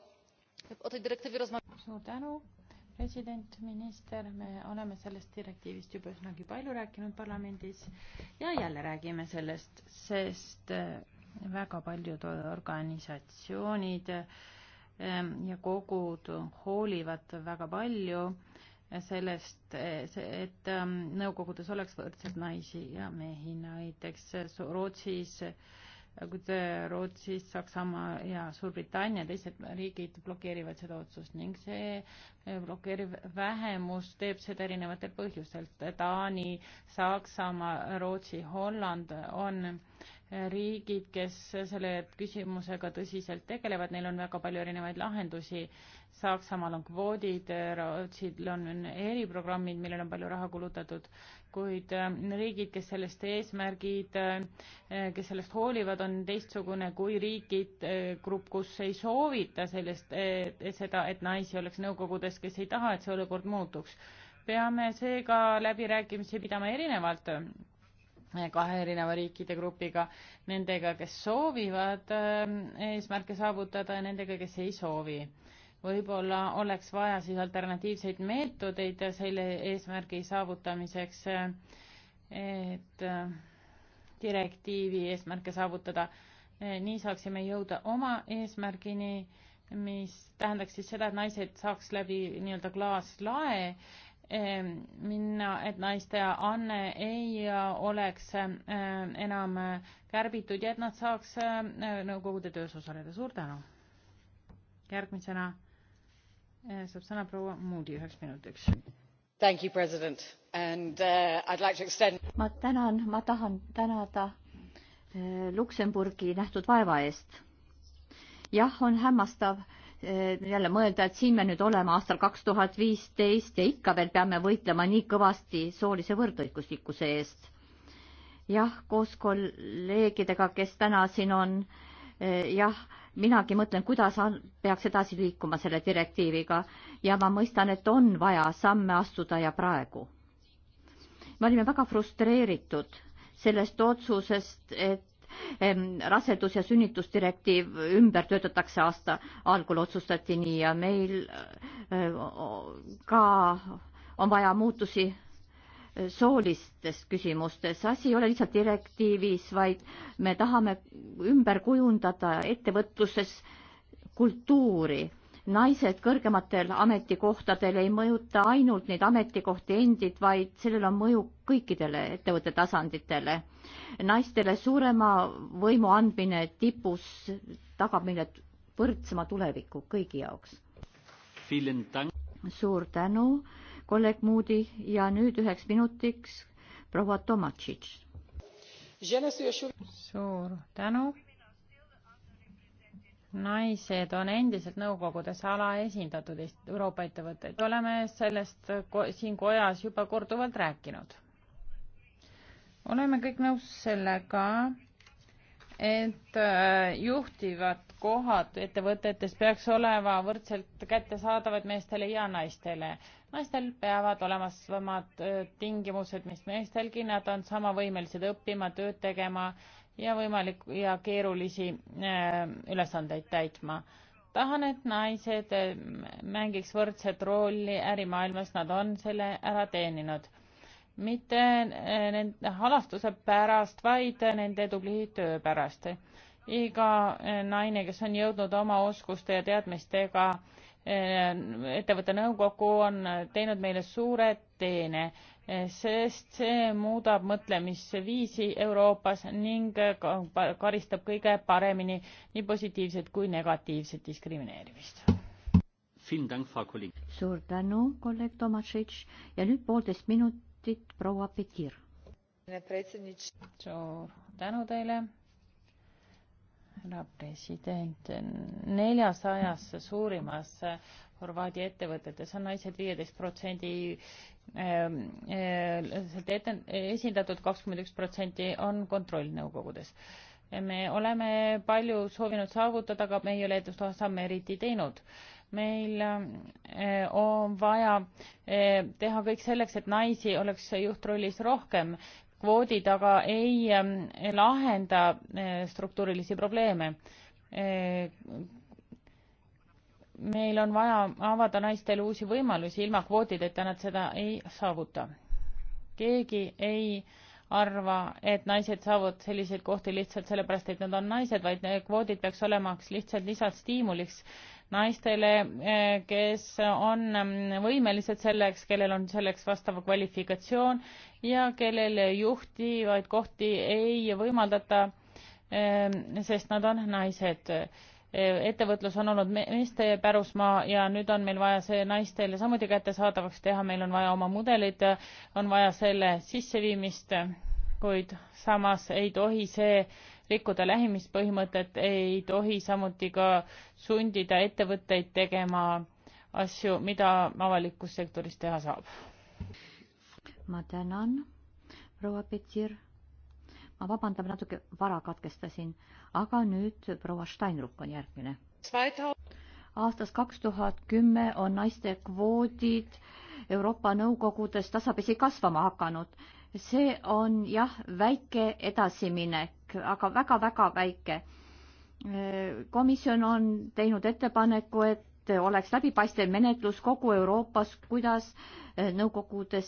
o tej dyrektywie rozmawiamy. suur tänu, president, minister, me oleme sellest direktiivist juba üsnagi palju rääkinud parlamendis ja jälle räägime sellest, sest eh, väga paljud organisatsioonid äh, Ehm, ja kogud hoolivad väga palju sellest, et ehm, nõukogudes oleks võrdselt naisi ja mehi, näiteks Rootsis Rootsis, Saksamaa ja Suurbritannia, teised riigid blokeerivad seda otsust ning see blokeeriv vähemus teeb seda erinevatel põhjustel. Taani, Saksamaa, Rootsi, Holland on riigid, kes selle küsimusega tõsiselt tegelevad, neil on väga palju erinevaid lahendusi. Saksamaal on kvoodid, Rootsil on eriprogrammid, millele on palju raha kulutatud kuid äh, riigid, kes sellest eesmärgid, äh, äh, kes sellest hoolivad, on teistsugune kui riigid, grupp, kus ei soovita sellest, seda, et naisi oleks nõukogudes, kes ei taha, et see olukord muutuks. peame seega läbirääkimisi pidama erinevalt kahe erineva riikide grupiga, nendega, kes soovivad eesmärke saavutada ja nendega, kes ei soovi võib-olla oleks vaja siis alternatiivseid meetodeid selle eesmärgi saavutamiseks, et äh, direktiivi eesmärke saavutada. Äh, nii saaksime jõuda oma eesmärgini, mis tähendaks siis seda, et naised saaks läbi nii-öelda klaaslae äh, minna, et naiste anne ei oleks enam kärbitud ja et nad saaks nõukogude töös osaleda. suur tänu! järgmisena Eh, saab sõna proua Moody üheks minutiks. You, president. And, uh, like extend... ma tänan, ma tahan tänada eh, Luksemburgi nähtud vaeva eest. jah, on hämmastav eh, jälle mõelda, et siin me nüüd oleme aastal kaks tuhat viisteist ja ikka veel peame võitlema nii kõvasti soolise võrdõiguslikkuse eest. jah, koos kolleegidega, kes täna siin on, jah minagi mõtlen, kuidas peaks edasi liikuma selle direktiiviga ja ma mõistan, et on vaja samme astuda ja praegu. me olime väga frustreeritud sellest otsusest, et rasedus- ja sünnitusdirektiiv ümber töötatakse aasta algul, otsustati nii ja meil ka on vaja muutusi soolistes küsimustes. asi ei ole lihtsalt direktiivis, vaid me tahame ümber kujundada ettevõtluses kultuuri. naised kõrgematel ametikohtadel ei mõjuta ainult neid ametikohti endid, vaid sellel on mõju kõikidele ettevõtte tasanditele. naistele suurema võimu andmine tipus tagab meile võrdsema tuleviku kõigi jaoks. suur tänu kolleeg Moody ja nüüd üheks minutiks proua Tomatšitš. suur tänu. naised on endiselt nõukogudes alaesindatud Euroopa ettevõtteid. oleme sellest ko siin kojas juba korduvalt rääkinud. oleme kõik nõus sellega, et äh, juhtivad töökohad ettevõtetes peaks olema võrdselt kättesaadavad meestele ja naistele. naistel peavad olema samad tingimused, mis meestelgi, nad on sama võimelised õppima, tööd tegema ja võimalik ja keerulisi ülesandeid täitma. tahan, et naised mängiks võrdset rolli ärimaailmas, nad on selle ära teeninud mitte nende halastuse pärast, vaid nende tubli töö pärast iga eh, naine, kes on jõudnud oma oskuste ja teadmistega eh, ettevõtte nõukokku, on eh, teinud meile suure teene, sest see muudab mõtlemisviisi Euroopas ning karistab kõige paremini nii positiivset kui negatiivset diskrimineerimist. suur tänu, kolleeg Tomašitš ja nüüd poolteist minutit proua Petir. suur tänu teile härra president, neljasajas suurimas Horvaadia ettevõtetes on naised viieteist protsendi ähm, äh, esindatud, kakskümmend üks protsenti on kontrollnõukogudes. me oleme palju soovinud saavutada, aga me ei ole edustavat samme eriti teinud meil äh, on vaja äh, teha kõik selleks, et naisi oleks juhtrollis rohkem kvoodid aga ähm, ei lahenda äh, struktuurilisi probleeme. Äh, meil on vaja avada naistele uusi võimalusi, ilma kvoodideta nad seda ei saavuta. keegi ei arva, et naised saavad selliseid kohti lihtsalt sellepärast, et nad on naised, vaid kvoodid peaks olema lihtsalt lisastiimuliks naistele, eh, kes on mm, võimelised selleks, kellel on selleks vastav kvalifikatsioon ja kellele juhtivaid kohti ei võimaldata, eh, sest nad on naised. Eh, ettevõtlus on olnud meeste pärusmaa ja nüüd on meil vaja see naistele samuti kättesaadavaks teha, meil on vaja oma mudelid, on vaja selle sisseviimist, kuid samas ei tohi see rikkuda lähimispõhimõtet, ei tohi samuti ka sundida ettevõtteid tegema asju, mida avalikus sektoris teha saab. ma tänan, proua Petir. ma vabandan, natuke vara katkestasin, aga nüüd proua Steinruck on järgmine. aastast kaks tuhat kümme on naiste kvoodid Euroopa Nõukogudes tasapisi kasvama hakanud. see on jah, väike edasiminek aga väga-väga väike. komisjon on teinud ettepaneku, et oleks läbipaistev menetlus kogu Euroopas, kuidas nõukogudes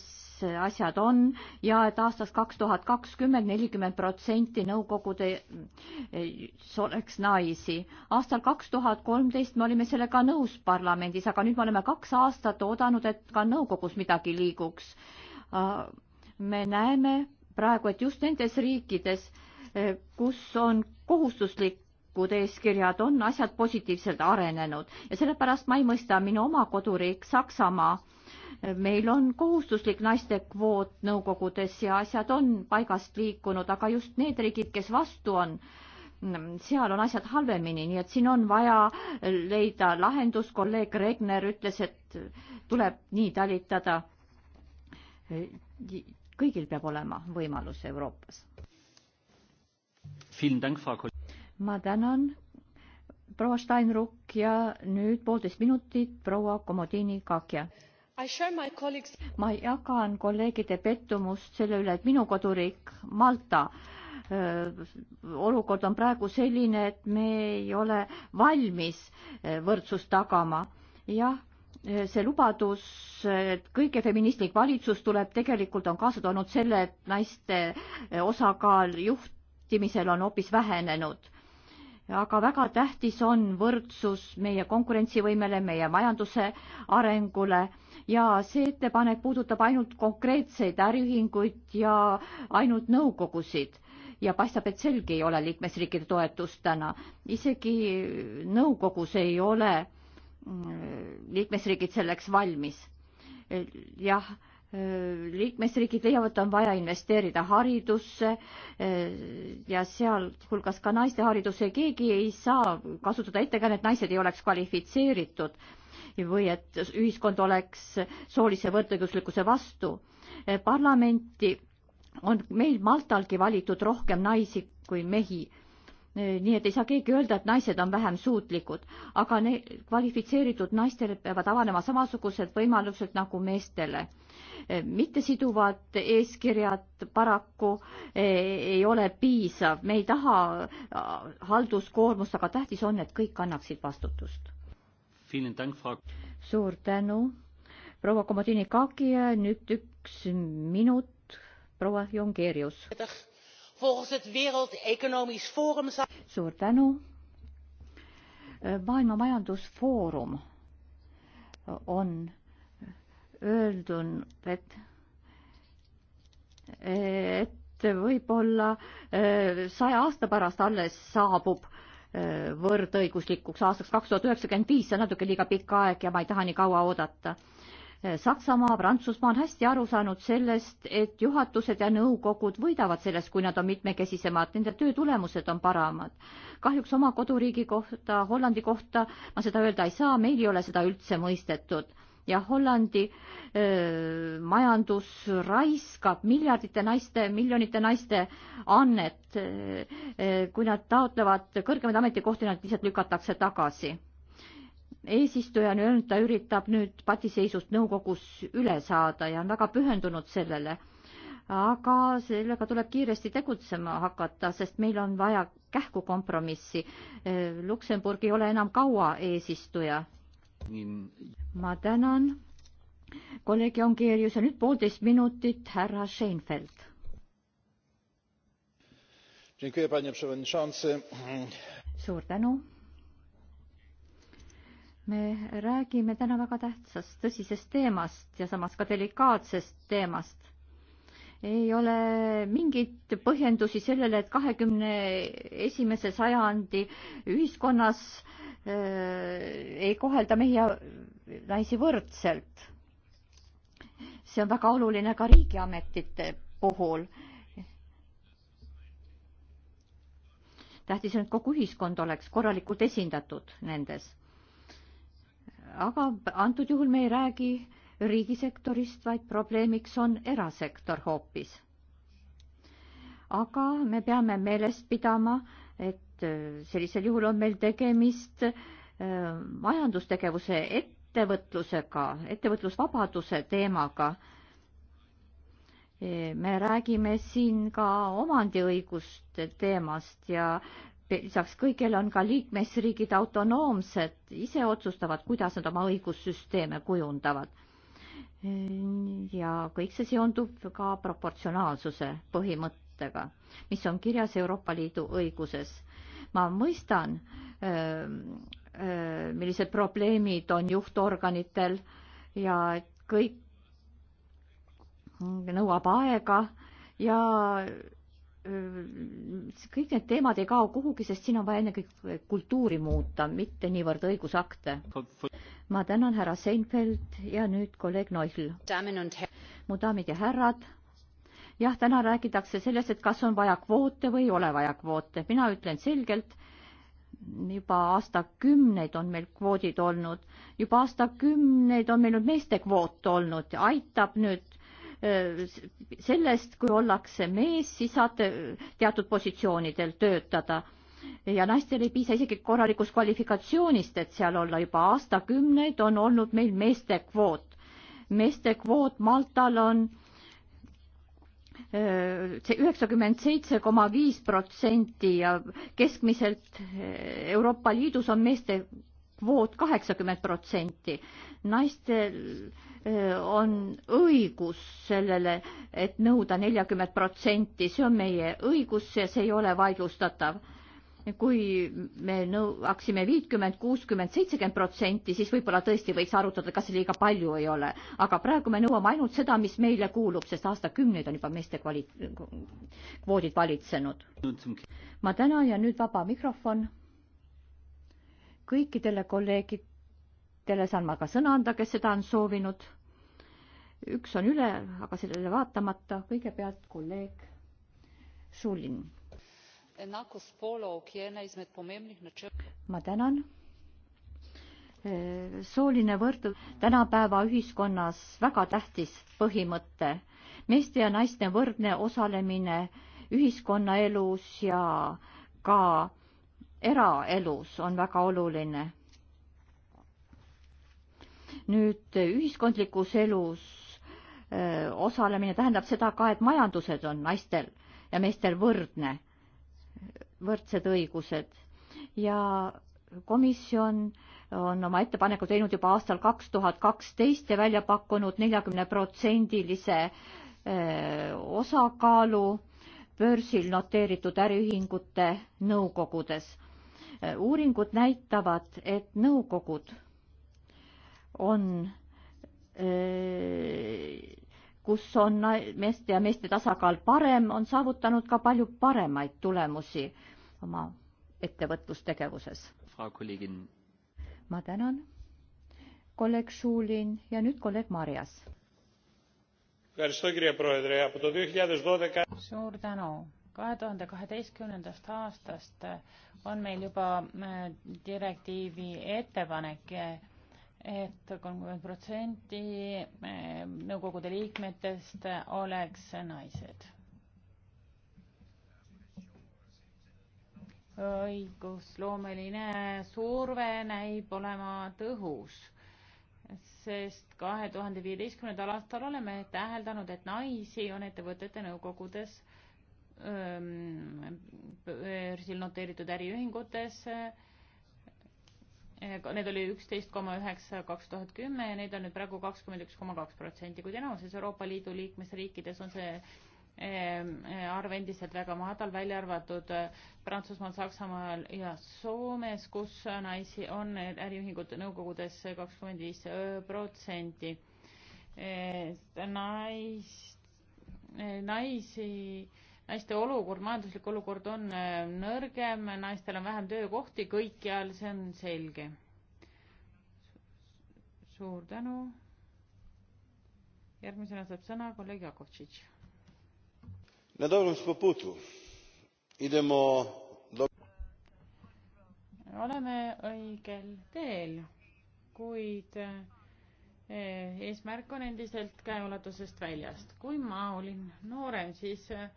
asjad on ja et aastast kaks tuhat kakskümmend nelikümmend protsenti nõukogudes oleks naisi. aastal kaks tuhat kolmteist me olime sellega nõus parlamendis, aga nüüd me oleme kaks aastat oodanud, et ka nõukogus midagi liiguks. me näeme praegu, et just nendes riikides, Eh, kus on kohustuslikud eeskirjad, on asjad positiivselt arenenud ja sellepärast ma ei mõista, minu oma koduriik Saksamaa, eh, meil on kohustuslik naiste kvoot nõukogudes ja asjad on paigast liikunud, aga just need riigid, kes vastu on, mm, seal on asjad halvemini, nii et siin on vaja leida lahendus, kolleeg Regner ütles, et tuleb nii talitada. Eh, kõigil peab olema võimalus Euroopas ma tänan, proua Steinruck ja nüüd poolteist minutit proua Komodini Kakja. ma jagan kolleegide pettumust selle üle, et minu koduriik Malta olukord on praegu selline, et me ei ole valmis võrdsust tagama. jah, see lubadus, et kõige feministlik valitsus tuleb, tegelikult on kaasa toonud selle, et naiste osakaal juht juhtimisel on hoopis vähenenud. aga väga tähtis on võrdsus meie konkurentsivõimele, meie majanduse arengule ja see ettepanek puudutab ainult konkreetseid äriühinguid ja ainult nõukogusid ja paistab, et selge ei ole liikmesriikide toetus täna. isegi nõukogus ei ole mm, liikmesriigid selleks valmis. jah liikmesriigid leiavad, on vaja investeerida haridusse eh, ja sealhulgas ka naiste haridusse. keegi ei saa kasutada ettekäänet, naised ei oleks kvalifitseeritud või et ühiskond oleks soolise võrdõiguslikkuse vastu. Eh, parlamenti on meil Maltalgi valitud rohkem naisi kui mehi Äh, nii et ei saa keegi öelda, et naised on vähem suutlikud, aga ne-, kvalifitseeritud naistele peavad avanema samasugused võimalused nagu meestele. Äh, mittesiduvad eeskirjad paraku äh, ei ole piisav, me ei taha halduskoormust, aga tähtis on, et kõik annaksid vastutust. suur tänu, proua Komodini Kagi ja nüüd üks minut, proua Jongeerius. aitäh volgens het Wereld Economisch Forum. suur tänu. Äh, maailma Majandusfoorum äh, on äh, öeldud, et, et võib-olla saja aasta pärast alles saabub võrdõiguslikuks aastaks kaks tuhat üheksakümmend viis, see on natuke liiga pikk aeg ja ma ei taha nii kaua oodata Eh, Saksamaa, Prantsusmaa on hästi aru saanud sellest, et juhatused ja nõukogud võidavad sellest, kui nad on mitmekesisemad, nende töö tulemused on paremad. kahjuks oma koduriigi kohta, Hollandi kohta ma seda öelda ei saa, meil ei ole seda üldse mõistetud ja Hollandi öö, eh, majandus raiskab miljardite naiste, miljonite naiste annet. Eh, kui nad taotlevad kõrgemaid ametikohti, nad lihtsalt lükatakse tagasi eesistuja on öelnud, ta üritab nüüd patiseisust nõukogus üle saada ja on väga pühendunud sellele. aga sellega tuleb kiiresti tegutsema hakata, sest meil on vaja kähku kompromissi. Äh, Luksemburg ei ole enam kaua eesistuja. ma tänan. kolleeg Jongeerius ja nüüd poolteist minutit, härra Scheinfeld. suur tänu me räägime täna väga tähtsast tõsisest teemast ja samas ka delikaatsest teemast. ei ole mingeid põhjendusi sellele, et kahekümne esimese sajandi ühiskonnas äh, ei kohelda mehi ja naisi võrdselt. see on väga oluline ka riigiametite puhul. tähtis on, et kogu ühiskond oleks korralikult esindatud nendes aga antud juhul me ei räägi riigisektorist, vaid probleemiks on erasektor hoopis. aga me peame meeles pidama, et äh, sellisel juhul on meil tegemist äh, majandustegevuse ettevõtlusega, ettevõtlusvabaduse teemaga. Äh, me räägime siin ka omandiõiguste teemast ja lisaks kõigele on ka liikmesriigid autonoomsed, ise otsustavad, kuidas nad oma õigussüsteeme kujundavad. ja kõik see seondub ka proportsionaalsuse põhimõttega, mis on kirjas Euroopa Liidu õiguses. ma mõistan, ähm, äh, millised probleemid on juhtorganitel ja kõik nõuab aega ja kõik need teemad ei kao kuhugi, sest siin on vaja ennekõike kultuuri muuta, mitte niivõrd õigusakte. ma tänan härra Seinfeld ja nüüd kolleeg Neuchl. mu daamid ja härrad, jah, täna räägitakse sellest, et kas on vaja kvoote või ei ole vaja kvoote. mina ütlen selgelt, juba aastakümneid on meil kvoodid olnud, juba aastakümneid on meil nüüd meeste kvoot olnud, aitab nüüd Äh, sellest, kui ollakse mees, siis saate teatud positsioonidel töötada ja naistel ei piisa isegi korralikust kvalifikatsioonist, et seal olla juba aastakümneid on olnud meil meeste kvoot. meeste kvoot Maltal on äh, see üheksakümmend seitse koma viis protsenti ja keskmiselt äh, Euroopa Liidus on meeste kvoot kaheksakümmend protsenti. naistel on õigus sellele, et nõuda neljakümmet protsenti, see on meie õigus ja see ei ole vaidlustatav. kui me nõuaksime viitkümmend, kuuskümmend, seitsekümmend protsenti, siis võib-olla tõesti võiks arutada, kas see liiga palju ei ole, aga praegu me nõuame ainult seda, mis meile kuulub, sest aastakümneid on juba meeste kvali-, kvoodid valitsenud. ma tänan ja nüüd vaba mikrofon kõikidele kolleegid, liikmetele saan ma ka sõna anda, kes seda on soovinud. üks on üle, aga sellele vaatamata kõigepealt kolleeg Šulin. ma tänan. sooline võrdlus tänapäeva ühiskonnas väga tähtis põhimõte. meeste ja naiste võrdne osalemine ühiskonnaelus ja ka eraelus on väga oluline nüüd ühiskondlikus elus öö, osalemine tähendab seda ka, et majandused on naistel ja meestel võrdne, võrdsed õigused ja komisjon on oma ettepaneku teinud juba aastal kaks tuhat kaksteist ja välja pakkunud neljakümne protsendilise osakaalu börsil noteeritud äriühingute nõukogudes. uuringud näitavad, et nõukogud on, kus on meeste ja meeste tasakaal parem, on saavutanud ka palju paremaid tulemusi oma ettevõtlustegevuses. ma tänan, kolleeg Šulin ja nüüd kolleeg Marjas. suur tänu kahe tuhande kaheteistkümnendast aastast on meil juba äh, direktiivi ettepanek äh, et kolmkümmend protsenti eh, nõukogude liikmetest oleks naised. õigusloomeline surve näib olema tõhus, sest kahe tuhande viieteistkümnendal aastal oleme täheldanud, et naisi on ettevõtete nõukogudes börsil noteeritud äriühingutes öö, Need oli üksteist koma üheksa kaks tuhat kümme ja neid on nüüd praegu kakskümmend üks koma kaks protsenti, kuid enamuses Euroopa Liidu liikmesriikides on see ehm, arv endiselt väga madal, välja arvatud eh, Prantsusmaal, Saksamaal ja Soomes, kus naisi on äriühingute nõukogudes kakskümmend viis eh, protsenti. Eh, nais, naisi naiste olukord, majanduslik olukord on äh, nõrgem, naistel on vähem töökohti kõikjal, see on selge. suur tänu. järgmisena saab sõna kolleeg Jakovtšitš. Na dobrom smo putu. Idemo do... oleme õigel teel, kuid äh, eesmärk on endiselt käeulatusest väljast. kui ma olin noorem, siis äh,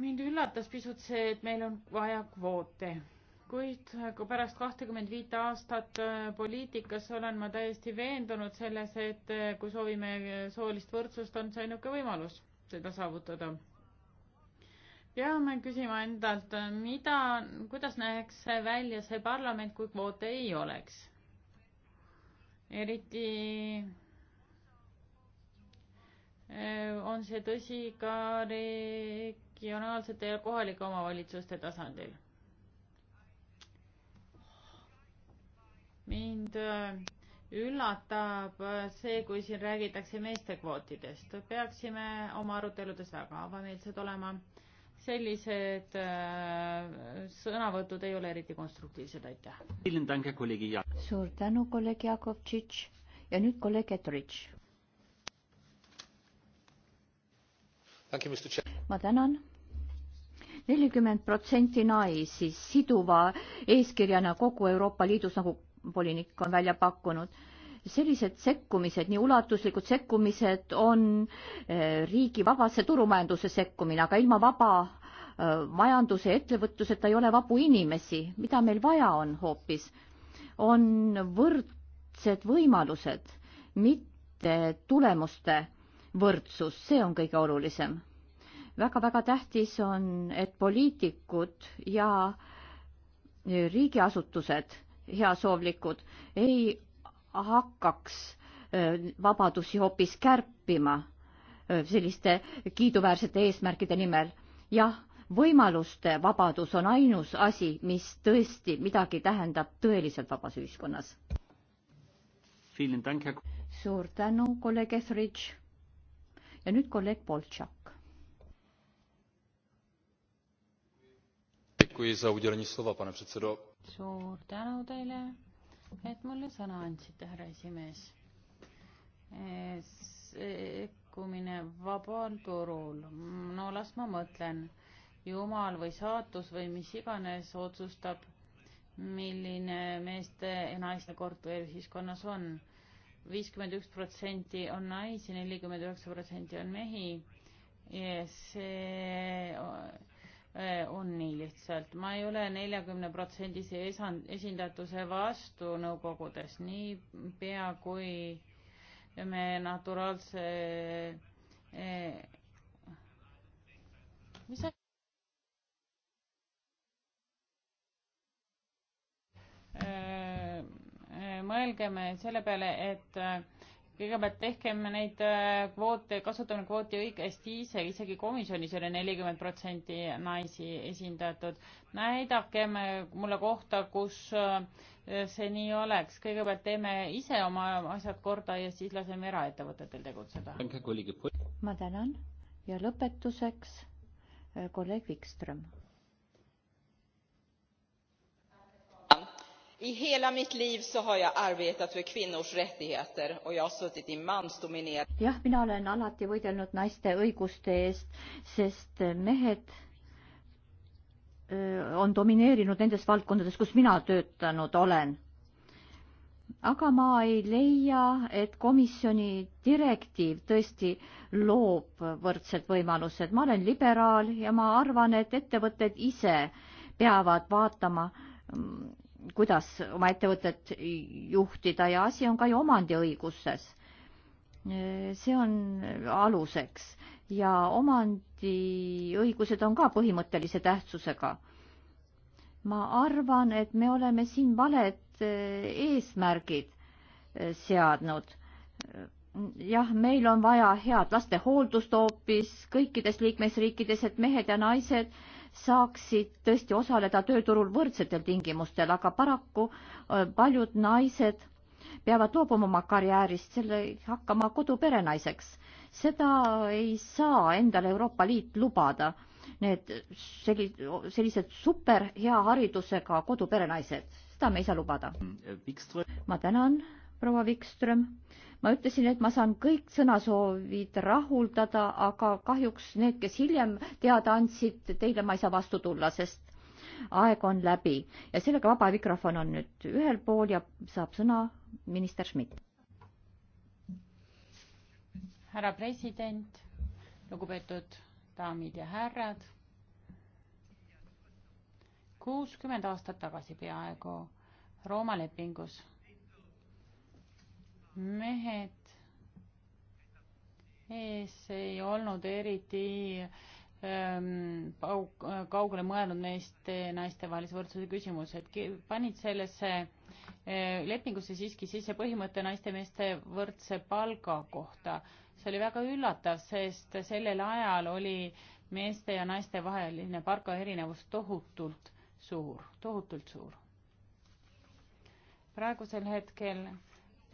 mind üllatas pisut see, et meil on vaja kvoote, kuid kui pärast kahtekümmend viite aastat äh, poliitikas olen ma täiesti veendunud selles, et äh, kui soovime soolist võrdsust, on see ainuke võimalus seda saavutada. peame küsima endalt, mida, kuidas näeks välja see parlament, kui kvoote ei oleks? eriti äh, on see tõsi ka re-, regionaalsete ja kohalike omavalitsuste tasandil. mind äh, üllatab äh, see, kui siin räägitakse meestekvootidest. peaksime oma aruteludes väga avameelsed olema. sellised äh, sõnavõtud ei ole eriti konstruktiivsed, aitäh. suur tänu, kolleeg Jakovtšitš ja nüüd kolleeg Etrich ma tänan. nelikümmend protsenti naisi siduva eeskirjana kogu Euroopa Liidus, nagu volinik on välja pakkunud. sellised sekkumised, nii ulatuslikud sekkumised on eh, riigi vabasse turumajanduse sekkumine, aga ilma vaba eh, majanduse ettevõtluseta ei ole vabu inimesi, mida meil vaja on hoopis, on võrdsed võimalused, mitte tulemuste võrdsus, see on kõige olulisem väga-väga tähtis on, et poliitikud ja e, riigiasutused heasoovlikud ei hakkaks e, vabadusi hoopis kärpima e, selliste kiiduväärsete eesmärkide nimel. jah, võimaluste vabadus on ainus asi, mis tõesti midagi tähendab tõeliselt vabas ühiskonnas. suur tänu, kolleeg Etheridge. ja nüüd kolleeg Boltšak pane předsedo. suur tänu teile, et mulle sõna andsite, härra esimees. sekkumine vabal turul, no las ma mõtlen, jumal või saatus või mis iganes otsustab, milline meeste ja naiste kord veel ühiskonnas on. viiskümmend üks protsenti on naisi, nelikümmend üheksa protsenti on mehi ja see Eh, on nii lihtsalt. ma ei ole neljakümne protsendise esindatuse vastu nõukogudes, niipea kui me naturaalse eh, eh, mis see mõelgem selle peale, et kõigepealt tehkem neid äh, kvoote, kasutame kvooti õigesti ise, isegi komisjonis oli nelikümmend protsenti naisi esindatud. näidakem äh, mulle kohta, kus äh, see nii oleks, kõigepealt teeme ise oma asjad korda ja siis laseme eraettevõtetel tegutseda. ma tänan ja lõpetuseks kolleeg Vikström i hela mitt liv så har jag arbetat för kvinnors rättigheter och jag har suttit i mansdominerade jah, mina olen alati võidelnud naiste õiguste eest, sest mehed on domineerinud nendes valdkondades, kus mina töötanud olen. aga ma ei leia, et komisjoni direktiiv tõesti loob võrdsed võimalused. ma olen liberaal ja ma arvan, et ettevõtted ise peavad vaatama mm, kuidas oma ettevõtet juhtida ja asi on ka ju omandiõiguses. see on aluseks ja omandiõigused on ka põhimõttelise tähtsusega. ma arvan, et me oleme siin valed eesmärgid seadnud. jah, meil on vaja head lastehooldust hoopis kõikides liikmesriikides, et mehed ja naised äh, saaksid tõesti osaleda tööturul võrdsetel tingimustel, aga paraku äh, paljud naised peavad loobuma oma karjäärist, selle hakkama koduperenaiseks. seda ei saa endale Euroopa Liit lubada. Need selli-, sellised super hea haridusega koduperenaised, seda me ei saa lubada. Mm, ma tänan proua Vikström. ma ütlesin, et ma saan kõik sõnasoovid rahuldada, aga kahjuks need, kes hiljem teada andsid, teile ma ei saa vastu tulla, sest aeg on läbi ja sellega vaba mikrofon on nüüd ühel pool ja saab sõna minister Schmidt. härra president, lugupeetud daamid ja härrad. kuuskümmend aastat tagasi peaaegu Rooma lepingus mehed ees ei olnud eriti ähm, pauk, kaugele mõelnud neist naistevahelise võrdsuse küsimused. panid sellesse äh, lepingusse siiski sisse põhimõtte naiste-meeste võrdse palga kohta. see oli väga üllatav, sest sellel ajal oli meeste ja naiste vaheline palgaerinevus tohutult suur, tohutult suur. praegusel hetkel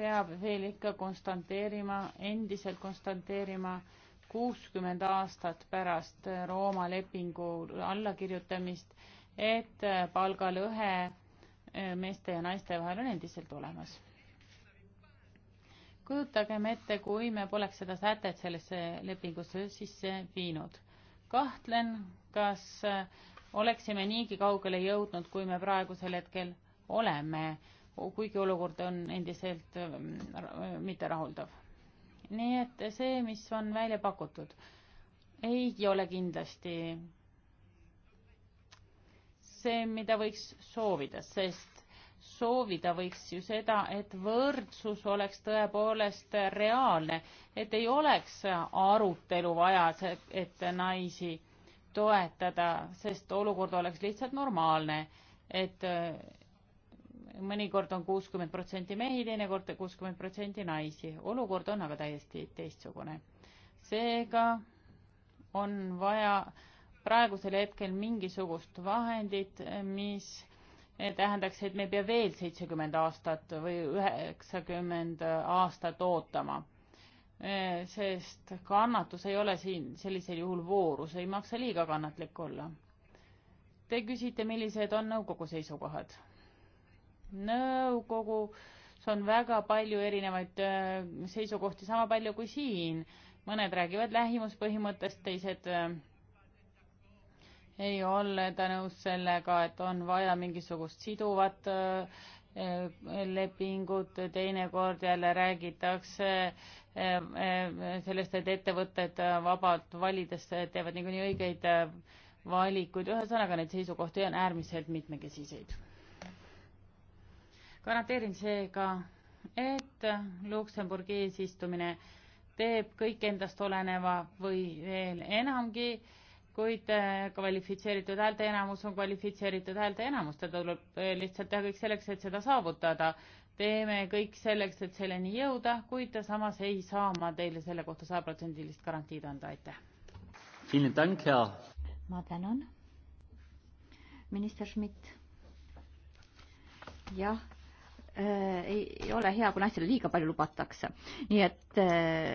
peab veel ikka konstanteerima, endiselt konstanteerima kuuskümmend aastat pärast Rooma lepingu allakirjutamist, et palgalõhe meeste ja naiste vahel on endiselt olemas. kujutagem ette, kui me poleks seda sätet sellesse lepingusse sisse viinud. kahtlen, kas oleksime niigi kaugele jõudnud, kui me praegusel hetkel oleme kuigi olukord on endiselt ähm, mitterahuldav. nii et see, mis on välja pakutud, ei ole kindlasti see, mida võiks soovida, sest soovida võiks ju seda, et võrdsus oleks tõepoolest reaalne, et ei oleks arutelu vaja, et naisi toetada, sest olukord oleks lihtsalt normaalne, et mõnikord on kuuskümmend protsenti mehi, teinekord kuuskümmend protsenti naisi. olukord on aga täiesti teistsugune. seega on vaja praegusel hetkel mingisugust vahendit, mis tähendaks, et me ei pea veel seitsekümmend aastat või üheksakümmend aastat ootama. sest kannatus ei ole siin sellisel juhul voorus, ei maksa liiga kannatlik olla. Te küsite, millised on nõukogu seisukohad nõukogus on väga palju erinevaid äh, seisukohti, sama palju kui siin. mõned räägivad lähimuspõhimõttest, teised äh, ei ole ta nõus sellega, et on vaja mingisugust siduvat äh, lepingut, teinekord jälle räägitakse sellest, et ettevõtted vabalt valides teevad niikuinii õigeid valikuid, ühesõnaga neid seisukohti on äärmiselt mitmekesiseid garanteerin seega, et Luksemburgi eesistumine teeb kõik endast oleneva või veel enamgi, kuid äh, kvalifitseeritud häälteenamus on kvalifitseeritud häälteenamus, ta tuleb äh, lihtsalt teha kõik selleks, et seda saavutada. teeme kõik selleks, et selleni jõuda, kuid samas ei saa ma teile selle kohta sajaprotsendilist garantiid anda, aitäh. ma tänan. minister Schmidt. jah Äh, ei ole hea, kui naistele liiga palju lubatakse. nii et äh,